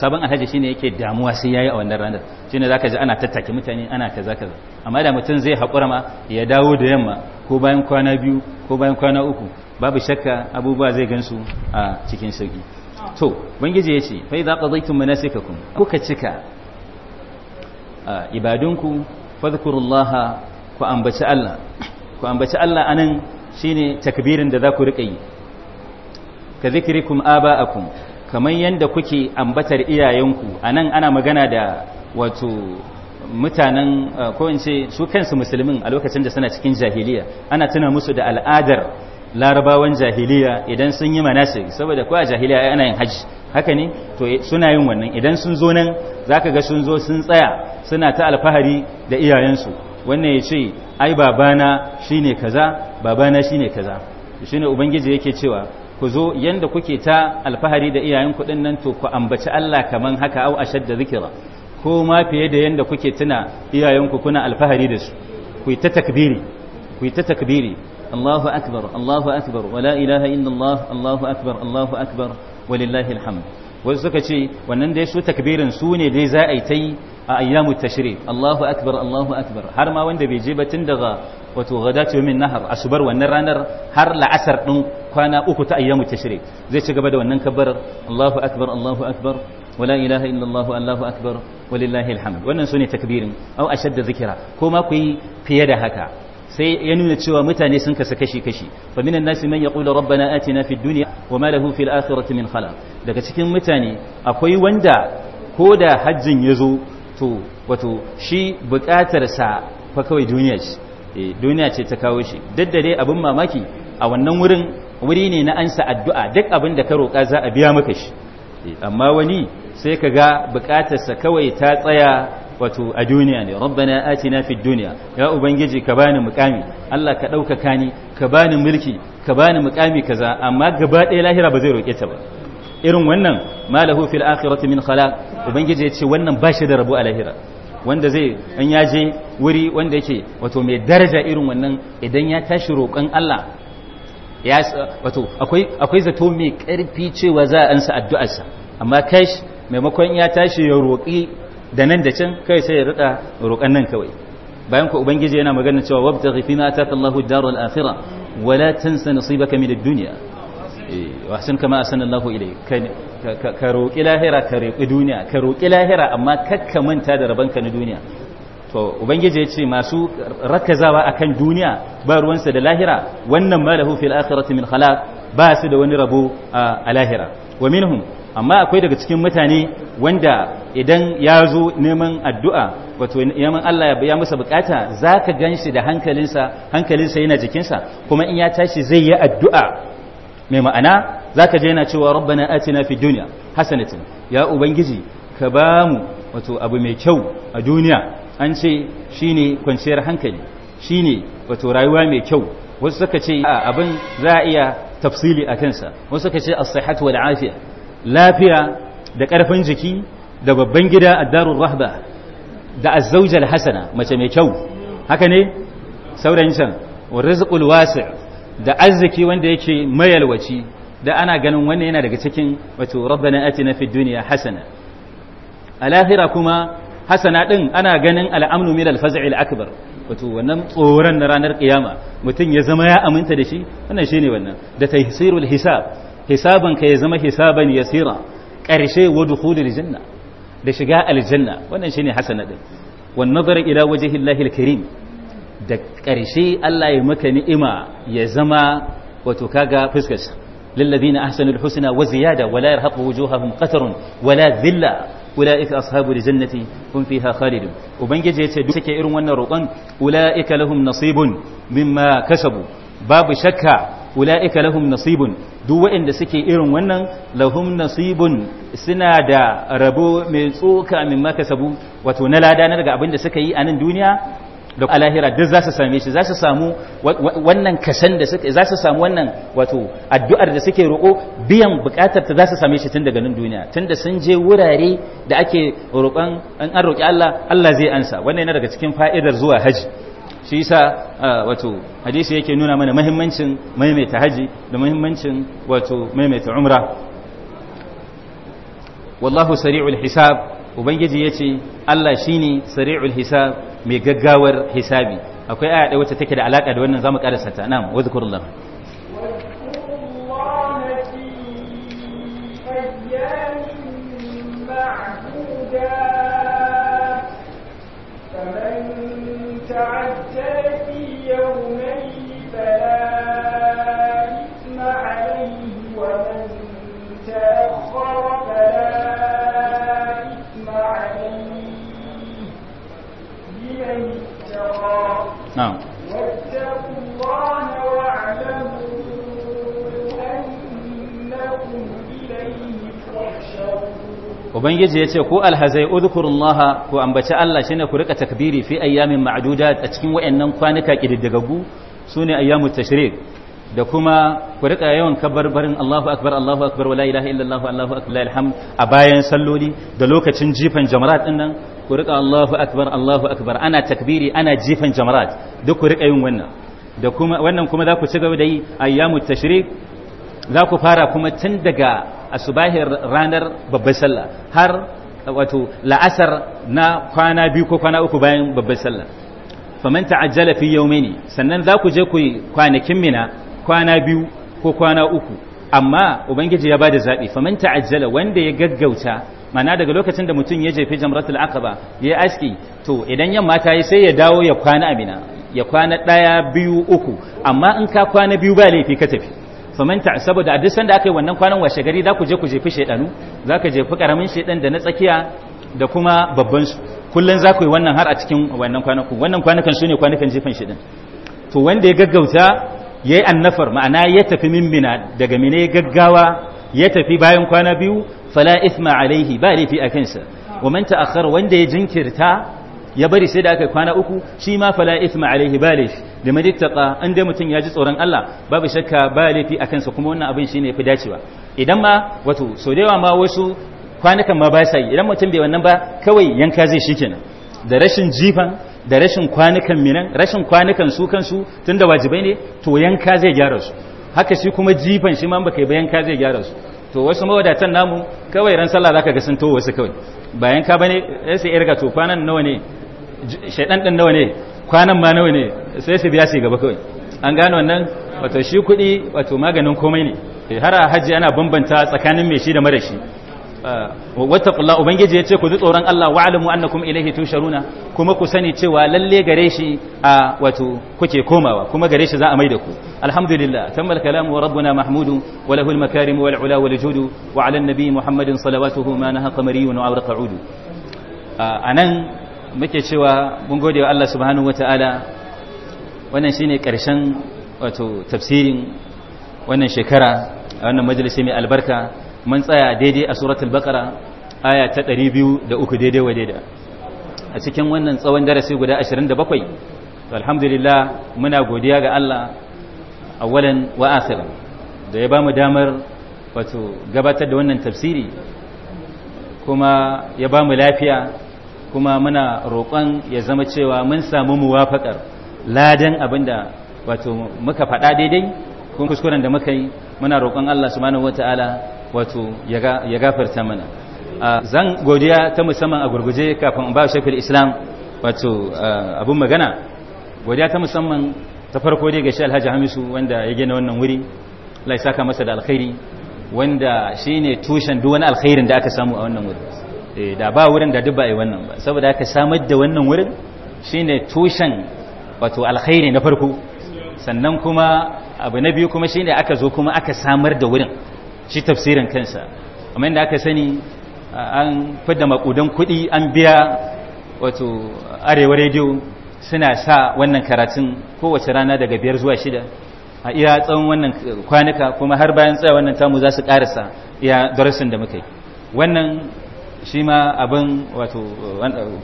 sabon alhaji shine yake damuwa sai yayi a wannan ranar shine zaka ji ana tattake mutane ana kaza kaza amma da mutum zai hakura ma ya dawo da yamma ko bayan kwana biyu ko bayan kwana uku babu shakka abubuwa zai gansu a cikin sauki to bangiji ya ce fa idza qadaytum manasikakum kuka cika ibadunku fadhkurullaha ku ambaci Allah ku ambaci Allah anan shine takbirin da za ku rika yi ka zikrikum aba'akum kamar yadda kuke ambatar iyayenku anan ana magana da wato mutanen ko in su kansu musulmin a lokacin da suna cikin jahiliya ana tuna musu da al'adar larabawan jahiliya idan sun yi manasik saboda kuwa jahiliya ana yin hajji haka ne to eh, suna yin wannan idan sun zo nan za ka ga sun zo sun tsaya suna ta alfahari da iyayensu wannan ya ce ai babana shi ne kaza babana shi ne kaza shi ne ubangiji yake cewa ku zo yadda kuke ta alfahari da iyayen kuɗin nan to ku ambaci allah kamar haka au a da zikira ko ma fiye da yadda kuke tuna iyayenku kuna alfahari da su ku yi ta takbiri ku yi ta takbiri الله أكبر الله أكبر ولا إله إلا الله الله أكبر الله أكبر ولله الحمد wasu suka ce wannan dai su takbirin su ne dai za a yi ta yi a ayyamu tashri Allahu akbar Allahu akbar har ma wanda bai je ba tun daga wato ghadatu min nahar asubar wannan ranar har la'asar din kwana uku ta ayyamu tashri zai ci gaba da wannan kabbarar Allahu akbar Allahu akbar ilaha Allahu akbar walillahi alhamd wannan su ne takbirin au ashadda zikira ko ma ku yi fiye da haka sai ya nuna cewa mutane sun kasa kashi-kashi faminan nasi man ya ƙula rabbana na fi duniya wa ma lahu fil akhirati min khalaq daga cikin mutane akwai wanda ko da hajjin ya zo to wato shi buƙatar sa fa kawai duniya ce eh, duniya ce ta kawo shi duk da dai abin mamaki a wannan wurin wuri ne na ansa addu'a duk abin da ka roƙa za a biya maka shi eh, amma wani sai ka ga sa kawai ta tsaya wato a duniya ne rabbana atina fid dunya ya ubangiji ka bani mukami Allah ka ɗaukaka ni ka bani mulki ka bani mukami kaza amma gaba ɗaya lahira ba zai roƙe ta ba irin wannan malahu fil akhirati min kala ubangiji ya ce wannan ba shi da rabu a lahira wanda zai in ya je wuri wanda yake wato mai daraja irin wannan idan ya tashi roƙon Allah ya wato akwai akwai zato mai ƙarfi cewa za a ansa addu'arsa amma kai maimakon ya tashi ya roƙi da nan da can kai sai ya rada roƙan nan kawai bayan ko ubangiji yana magana cewa wabtaghi fi ma ataka Allahu ad-daral akhirah wa la tansa nasibaka min ad-dunya eh, wa ahsin kama ahsana Allahu ilayk ka roƙi lahira ka roƙi duniya ka roƙi lahira amma kakka manta da rabanka na duniya to ubangiji ya ce masu rakazawa akan duniya ba ruwansa da lahira wannan ma lahu fil akhirati min khalaq ba su da wani rabo a lahira wa minhum amma akwai daga cikin mutane wanda idan ya zo neman addu'a wato neman Allah ya masa bukata za ka gan shi da hankalinsa hankalinsa yana jikinsa kuma in ya tashi zai yi addu'a mai ma'ana za ka yana cewa ati na fi duniya hasanatin ya ubangiji ka ba mu wato abu mai kyau a duniya an ce shi ne kwanciyar hankali shi ne wato rayuwa mai kyau wasu suka ce abin za a iya tafsili a kansa wasu suka ce as-sihhatu wal afiya lafiya da ƙarfin jiki da babban gida a darun rahba da azzaujal hasana mace mai kyau haka ne saurayin can rizqul wasi' da arziki wanda yake mayalwaci da ana ganin wannan yana daga cikin wato rabbana atina fid dunya hasana a lahira kuma hasana din ana ganin al'amnu min al-faz'i al-akbar wato wannan tsoron na ranar kiyama mutum ya zama ya aminta da shi wannan shine wannan da tahsirul hisab hisabanka ya zama hisaban yasira ƙarshe wa dukhulil janna da shiga aljanna wannan shine hasana din wan nazar ila wajhi llahi alkarim da ƙarshe Allah ya maka ni'ima ya zama wato kaga fuskar للذين أحسنوا الحسنى وزيادة ولا يرهق وجوههم قتر ولا ذلة أولئك أصحاب الجنة هم فيها خالدون وبنجي يتدوسك إرون ونرقن أولئك لهم نصيب مما كسبوا babu shakka ula'ika lahum nasibun duk waɗanda suke irin wannan lahum nasibun suna da rabo mai tsoka min makasabu wato na lada na daga abin da suka yi a nan duniya da alahira duk za su same shi za su samu wannan kasan da suka za su samu wannan wato addu'ar da suke roƙo biyan buƙatar ta za su same shi tun daga nan duniya tun da sun je wurare da ake roƙon an roƙi Allah Allah zai ansa wannan yana daga cikin fa'idar zuwa haji shi yasa wato hadisi yake nuna mana mahimmancin maimaita haji da mahimmancin wato maimaita umra wallahu sari'ul hisab ubangiji yace Allah shine sari'ul hisab mai gaggawar hisabi akwai aya da wacce take da alaka da wannan zamu karasa ta na'am wa zikrullah ubangiji ya ce ku alhazai udhkurullaha ku ambaci Allah shine ku rika takbiri fi ayyamin ma'dudat a cikin wayannan kwanuka kididdigaggu sune ayyamut tashrik da kuma ku rika yawan kabarbarin Allahu akbar Allahu akbar wala ilaha illallah Allahu akbar alhamd a bayan salloli da lokacin jifan jamarat din nan ku rika Allahu akbar Allahu akbar ana takbiri ana jifan jamarat duk ku rika yin wannan da kuma wannan kuma za ku ci gaba da yi ayyamut tashrik za ku fara kuma tun daga asubahir ranar babbar sallah har wato la'asar na kwana biyu ko kwana uku bayan babbar sallah faman ta'ajjala fi yawmaini sannan za ku je ku kwanakin mina kwana biyu ko kwana uku amma ubangiji ya bada zabi faman ta'ajjala wanda ya gaggauta mana daga lokacin da mutum ya jefe jamratul aqaba ya aski to idan yamma ta yi sai ya dawo ya kwana amina ya kwana daya biyu uku amma in ka kwana biyu ba laifi ka tafi famanta saboda a duk sanda aka yi wannan kwanan washe gari za ku je ku jefi shaidanu za ka jefi karamin shaidan da na tsakiya da kuma babban su kullum za ku yi wannan har a cikin wannan kwanaku wannan kwanakan su ne kwanakan jefan shaidan to wanda ya gaggauta ya yi annafar ma'ana ya tafi mimmina daga mine ya gaggawa ya tafi bayan kwana biyu fala isma alaihi ba laifi a kansa wa man ta'akhkhara wanda ya jinkirta ya bari sai da aka kwana uku shi ma fala isma alaihi ba laifi da madittaka an dai mutum ya ji tsoron Allah babu shakka ba laifi a kansa kuma wannan abin shine yafi dacewa idan ma wato so da yawa ma wasu kwanukan ma ba sa yi idan mutum bai wannan ba kawai yanka zai shikenan da rashin jifan da rashin kwanukan minan rashin kwanukan su kansu tunda wajibai ne to yanka zai gyara su haka shi kuma jifan shi ma ba kai ba yanka zai gyara su to wasu mawadatan namu kawai ran sallah zaka ga sun to wasu kawai ba yanka bane sai riga to kwanan nawa ne shaidan din nawa ne kwanan ma nawa ne sai su biya su gaba kawai an gano wannan wato shi kuɗi wato maganin komai ne eh, har a hajji ana bambanta tsakanin mai shi da mara shi eh, wattaqullah ubangiji ya ce ku ji tsoron Allah wa alamu annakum Ilahi tusharuna kuma ku sani cewa lalle gare shi a wato kuke komawa kuma gare shi za a mai da ku alhamdulillah tammal kalamu wa rabbuna mahmudu wa lahul makarim wal ula wal judu wa ala nabi muhammadin salawatuhu ma naha wa awraqa eh, anan muke cewa mun gode wa Allah subhanahu wata'ala wannan shine ƙarshen wato tafsirin wannan shekara a wannan majalisi mai albarka mun tsaya daidai a suratul baqara aya ta 203 daidai wa daida a cikin wannan tsawon darasi guda 27 to alhamdulillah muna godiya ga Allah awalan wa akhiran da ya bamu damar wato gabatar da wannan tafsiri kuma ya bamu lafiya kuma muna roƙon ya zama cewa mun samu muwafaƙar ladan abin da wato muka faɗa daidai kun kuskuren da muka yi muna roƙon Allah subhanahu wata'ala wato ya gafarta mana zan godiya ta musamman a gurguje kafin ba shafil islam wato abin magana godiya ta musamman ta farko dai ga shi alhaji hamisu wanda ya gina wannan wuri Allah ya saka masa da alkhairi wanda shine tushen duk wani alkhairin da aka samu a wannan wuri Eh, da ba wurin da duk ba wannan ba saboda aka samar da wannan wurin shine tushen wato alkhairi na farko sannan kuma abu na biyu kuma shine aka zo kuma aka samar da wurin shi tafsirin kansa amma inda aka sani an fadda makudan kuɗi an biya wato arewa rediyo suna sa wannan karatun kowace rana daga biyar zuwa shida a iya tsawon wannan kwanuka kuma har bayan tsaye wannan tamu za su ƙarasa iya darasin da muka yi wannan shi ma abin wato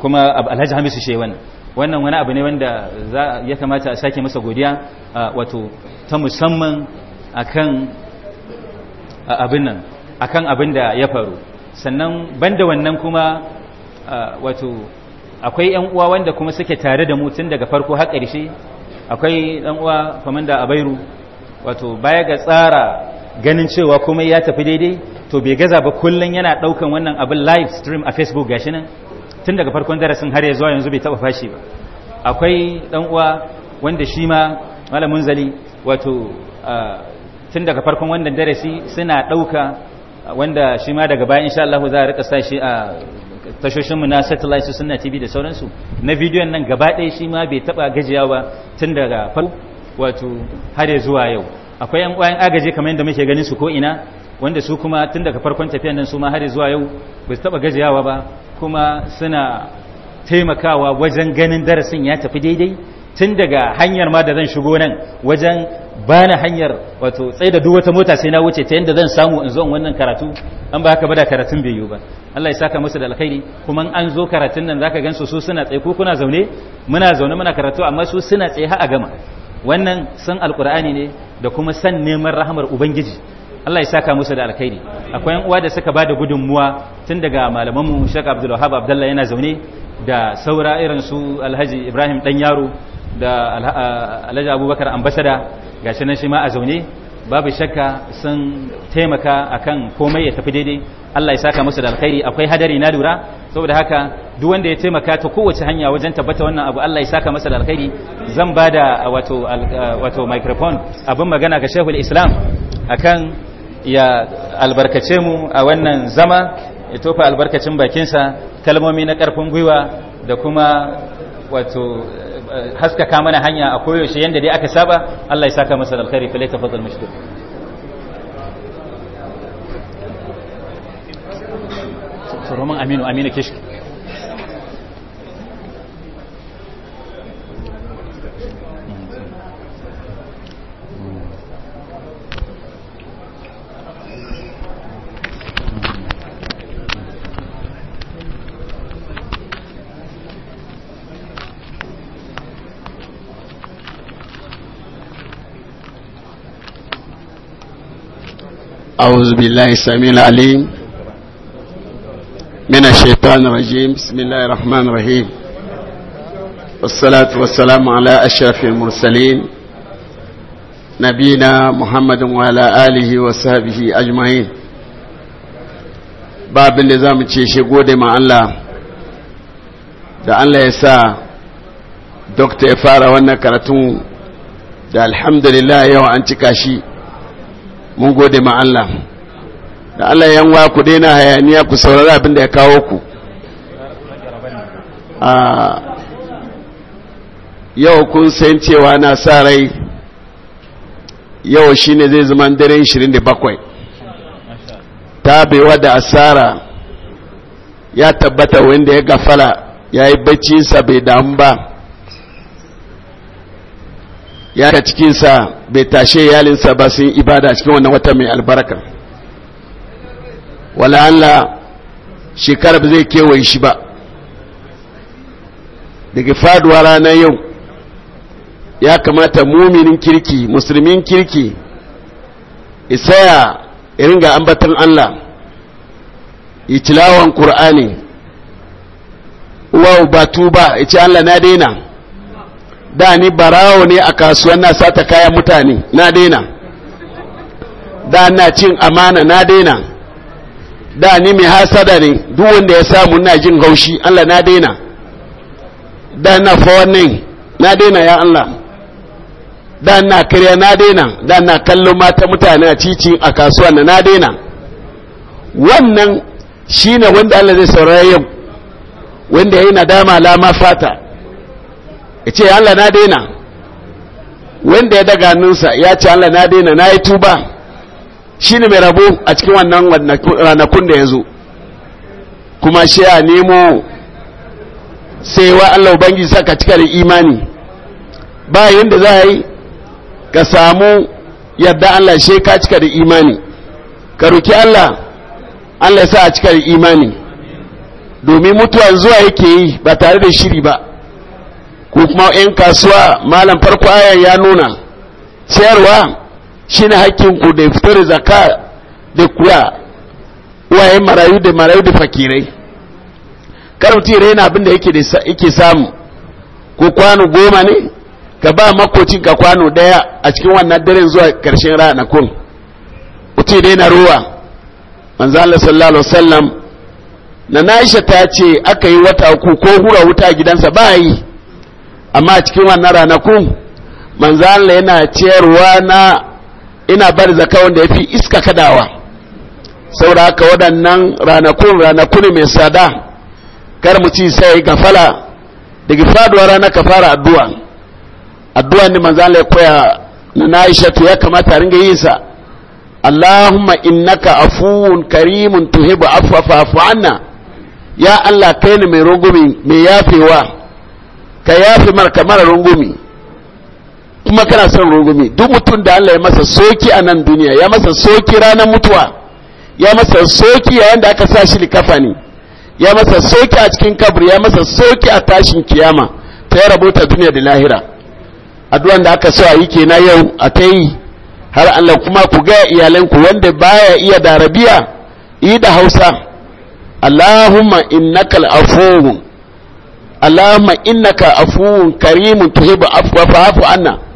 kuma alhaji hamisu shi wannan wannan wani abu ne wanda za ya kamata a sake masa godiya wato ta musamman akan abin nan akan abin da ya faru sannan banda wannan kuma wato akwai yan uwa wanda kuma suke tare da mu daga farko har ƙarshe akwai dan uwa da abairu wato baya ga tsara ganin cewa komai ya tafi daidai to bai gaza ba kullum yana daukan wannan abin live stream a facebook gashi nan tun daga farkon darasin har ya zuwa yanzu bai taba fashi ba akwai dan uwa wanda shi ma malamin zali wato tun daga farkon wannan darasi suna dauka wanda shi ma daga baya insha Allah za a rika sashi a tashoshin tashoshinmu na satellite su suna tv da sauransu na bidiyon nan gaba ɗaya shi ma bai taɓa gajiya ba tun daga farko wato har zuwa yau akwai yan agaji kamar yadda muke ganin su ko ina wanda su kuma tun daga farkon tafiyan nan su ma har zuwa yau ba su taba gajiyawa ba kuma suna taimakawa wajen ganin darasin ya tafi daidai tun daga hanyar ma da zan shigo nan wajen bana hanyar wato tsaye da duwata mota sai na wuce ta yadda zan samu in zo wannan karatu an ba haka bada karatun bai yiwu ba Allah ya saka musu da alkhairi kuma an zo karatun nan zaka gansu su suna tsaye ko kuna zaune muna zaune muna karatu amma su suna tsaye har a gama wannan san alkur'ani ne da kuma san neman rahamar ubangiji Allah ya saka musu da alkhairi akwai yan uwa da suka bada gudunmuwa tun daga malaman mu Sheikh Abdul Wahab Abdullah yana zaune da saura irin su Alhaji Ibrahim dan yaro da Alhaji Abubakar ambasada gashi nan shi ma a zaune babu shakka sun taimaka akan komai ya tafi daidai Allah ya saka musu da alkhairi akwai hadari na lura saboda haka duk wanda ya taimaka ta kowace hanya wajen tabbata wannan abu Allah ya saka masa da alkhairi zan bada wato wato microphone abin magana ga Sheikhul Islam akan ya albarkace mu a wannan zama ya tofa albarkacin bakinsa kalmomi na ƙarfin gwiwa da kuma wato eh, haskaka mana hanya a koyaushe yadda dai aka saba Allah ya saka masa alkhairi fa laita fadal mushkil Roman Aminu Aminu Kishki أعوذ بالله السميع العليم من الشيطان الرجيم بسم الله الرحمن الرحيم والصلاة والسلام على أشرف المرسلين نبينا محمد وعلى آله وصحبه أجمعين باب النظام تشيشي قودي مع الله da Allah ya sa dokta ya fara wannan karatun da alhamdulillah yau an cika shi mun gode ma Allah da Allah yanwa ku daina hayaniya ku saurari abin da ya kawo ku a yau kun san cewa na sa rai yau shine zai zama daren 27 tabewa da asara ya tabbata wanda ya gafala ya yi baccinsa bai damu ba ya ka cikinsa bai tashe yalinsa ba sun ibada cikin wannan wata mai albarka wala Allah shekara ba zai kewaye shi ba daga faduwa ranar yau ya kamata muminin kirki musulmin kirki isaya ringa ambatan Allah itilawan Kur'ani uwa ba tuba ice Allah na daina da ni barawo ne a kasuwan na sata kayan mutane na daina da na cin amana na daina da ni mai hasada ne duk wanda ya samu na jin haushi Allah na daina da na fa na daina ya Allah da na kariya na daina da na kallon mata mutane a cici a kasuwa na na daina wannan shi ne wanda Allah zai saurari yau wanda yayi nadama lama fata ya ce Allah na daina wanda ya daga nunsa ya ce Allah na daina na yi tuba shi ne mai rabo a cikin wannan ranakun da ya zo kuma shi a nemo sai wa Allah Ubangiji saka cika da imani ba yadda za a yi ka samu yadda Allah shi ka cika da imani ka roki Allah Allah sa a cika da imani domin mutuwan zuwa yake yi ba tare da shiri ba ko kuma 'yan kasuwa malam farko ayan ya nuna ciyarwa shine hakkin ku da fitar zaka da kula waye marayu da marayu da fakirai kar rai raina abin da yake samu ko kwano goma ne ka ba makocin ka kwano daya a cikin wannan daren zuwa karshen ranakun dai na ruwa manzo Allah sallallahu alaihi wasallam na Aisha ta ce aka yi wata uku ko hura wuta gidansa ba yi amma cikin wannan ranakun manzo Allah yana ciyarwa na ina bari zaka wanda ya fi iska kadawa saboda haka waɗannan ranakun ranakun mai sada kar mu ci sai gafala daga faduwa rana ka fara addu'a addu'a ne manzo Allah ya koya na Aisha to ya kamata ringa yin sa Allahumma innaka afuwun karimun tuhibu afwa fa'fu anna ya Allah kai ne mai rungumi mai yafewa ka yafe mar kamar rungumi kuma kana son rungumi duk mutum da Allah ya masa soki a nan duniya ya masa soki ranar mutuwa ya masa soki yayin da aka sa shi likafani ya masa soki a cikin kabri ya masa soki a tashin kiyama ta ya rabota duniya da lahira addu'an da aka so a yi kenan yau a ta yi har Allah kuma ku ga iyalanku wanda baya iya da arabiya yi da hausa allahumma innakal afuwun allahumma innaka afuwun karimun tuhibu afwa fa'fu anna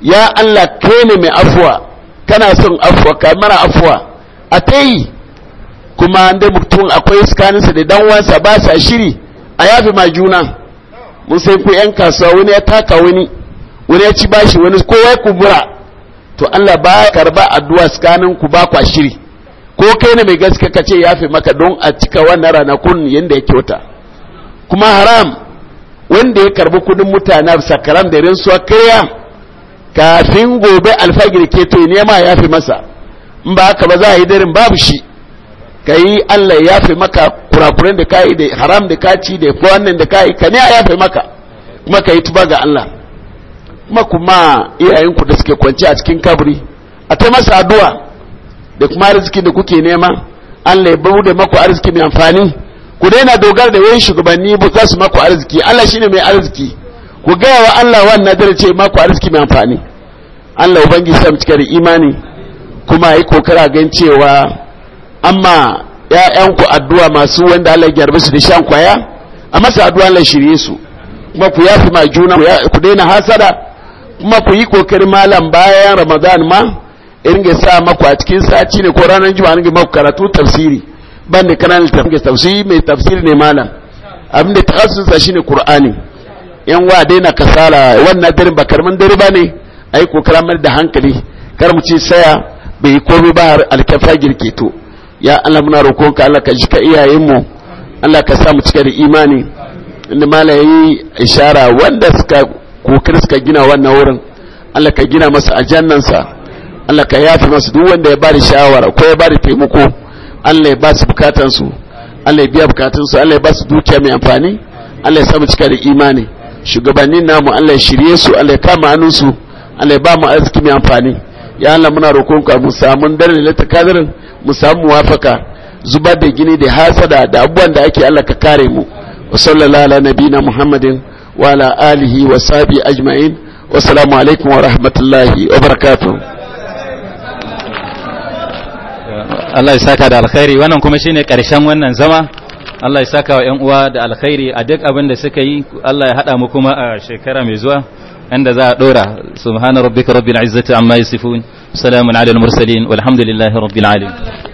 ya Allah kene mai afuwa kana son afuwa ka mara afuwa a ta kuma da mutum akwai tsakaninsa da dan wansa ba sa shiri a yafi ma juna mun sai ku yan kasuwa wani ya taka wani wani ya ci bashi wani kowa kubura to Allah ba karba addu'a tsakanin ku ba kwa shiri ko kai ne mai gaske ka ce yafi maka don a cika wannan ranakun yanda ya kyauta kuma haram wanda ya karbi kudin mutane sakaram da rinsuwa kariya kafin gobe alfagir ke to nema ya fi masa in ba haka ba za a yi darin babu shi ka yi allah ya fi maka kurakuren da ka yi da haram da ka ci da kowannan da ka yi ka ne ya fi maka kuma ka yi tuba ga allah kuma kuma iyayenku da suke kwance a cikin kabri a ta masa addu'a da kuma arziki da kuke nema allah ya bude maku arziki mai amfani ku daina dogara da wani shugabanni za su maku arziki allah shine mai arziki ku gaya wa Allah wannan dare ce maku arziki mai amfani Allah ubangi sa mu da imani kuma yi kokara gan cewa amma ƴaƴanku addu'a masu wanda Allah ya su da shan kwaya a masa addu'a Allah shirye su kuma ku yafi ma juna ku daina hasada kuma ku yi kokari malam bayan Ramadan ma in ga sa maku a cikin sati ne ko ranar juma'a ne maku karatu tafsiri ban da kanan tafsiri mai tafsiri ne malam abin da ta shine kur'ani yan wa daina kasala wannan dare ba dare ba ne ai kokarin mai da hankali kar mu ce saya bai yi komai ba har alkafa girke to ya Allah muna roƙon ka Allah ka jika iyayen mu Allah ka sa mu cika da imani inda mala yayi ishara wanda suka kokarin suka gina wannan wurin Allah ka gina masa ajannan sa Allah ka yafi masu duk wanda ya ba da shawara ko ya ba da taimako Allah ya ba su bukatan su Allah ya biya bukatun su Allah ya ba su dukiya mai amfani Allah ya sa mu cika da imani shugabannin namu Allah ya shirye su Allah ya kama hannun su Allah ya ba mu arziki mai amfani ya Allah muna roƙon ka mu samu dare da takadirin mu samu muwafaka zubar da gini da hasada da abubuwan da ake Allah ka kare mu wa sallallahu ala nabiyina muhammadin wa ala alihi wa sahbi ajma'in wa assalamu alaikum wa rahmatullahi wa barakatuh Allah ya saka da alkhairi wannan kuma shine karshen wannan zama Allah ya saka wa 'yan uwa da alkhairi a duk abin da suka yi Allah ya haɗa mu kuma a shekara mai zuwa inda za a dora subhana rabbika rabbil izzati amma yasifun salamun ala al mursalin walhamdulillahi rabbil alamin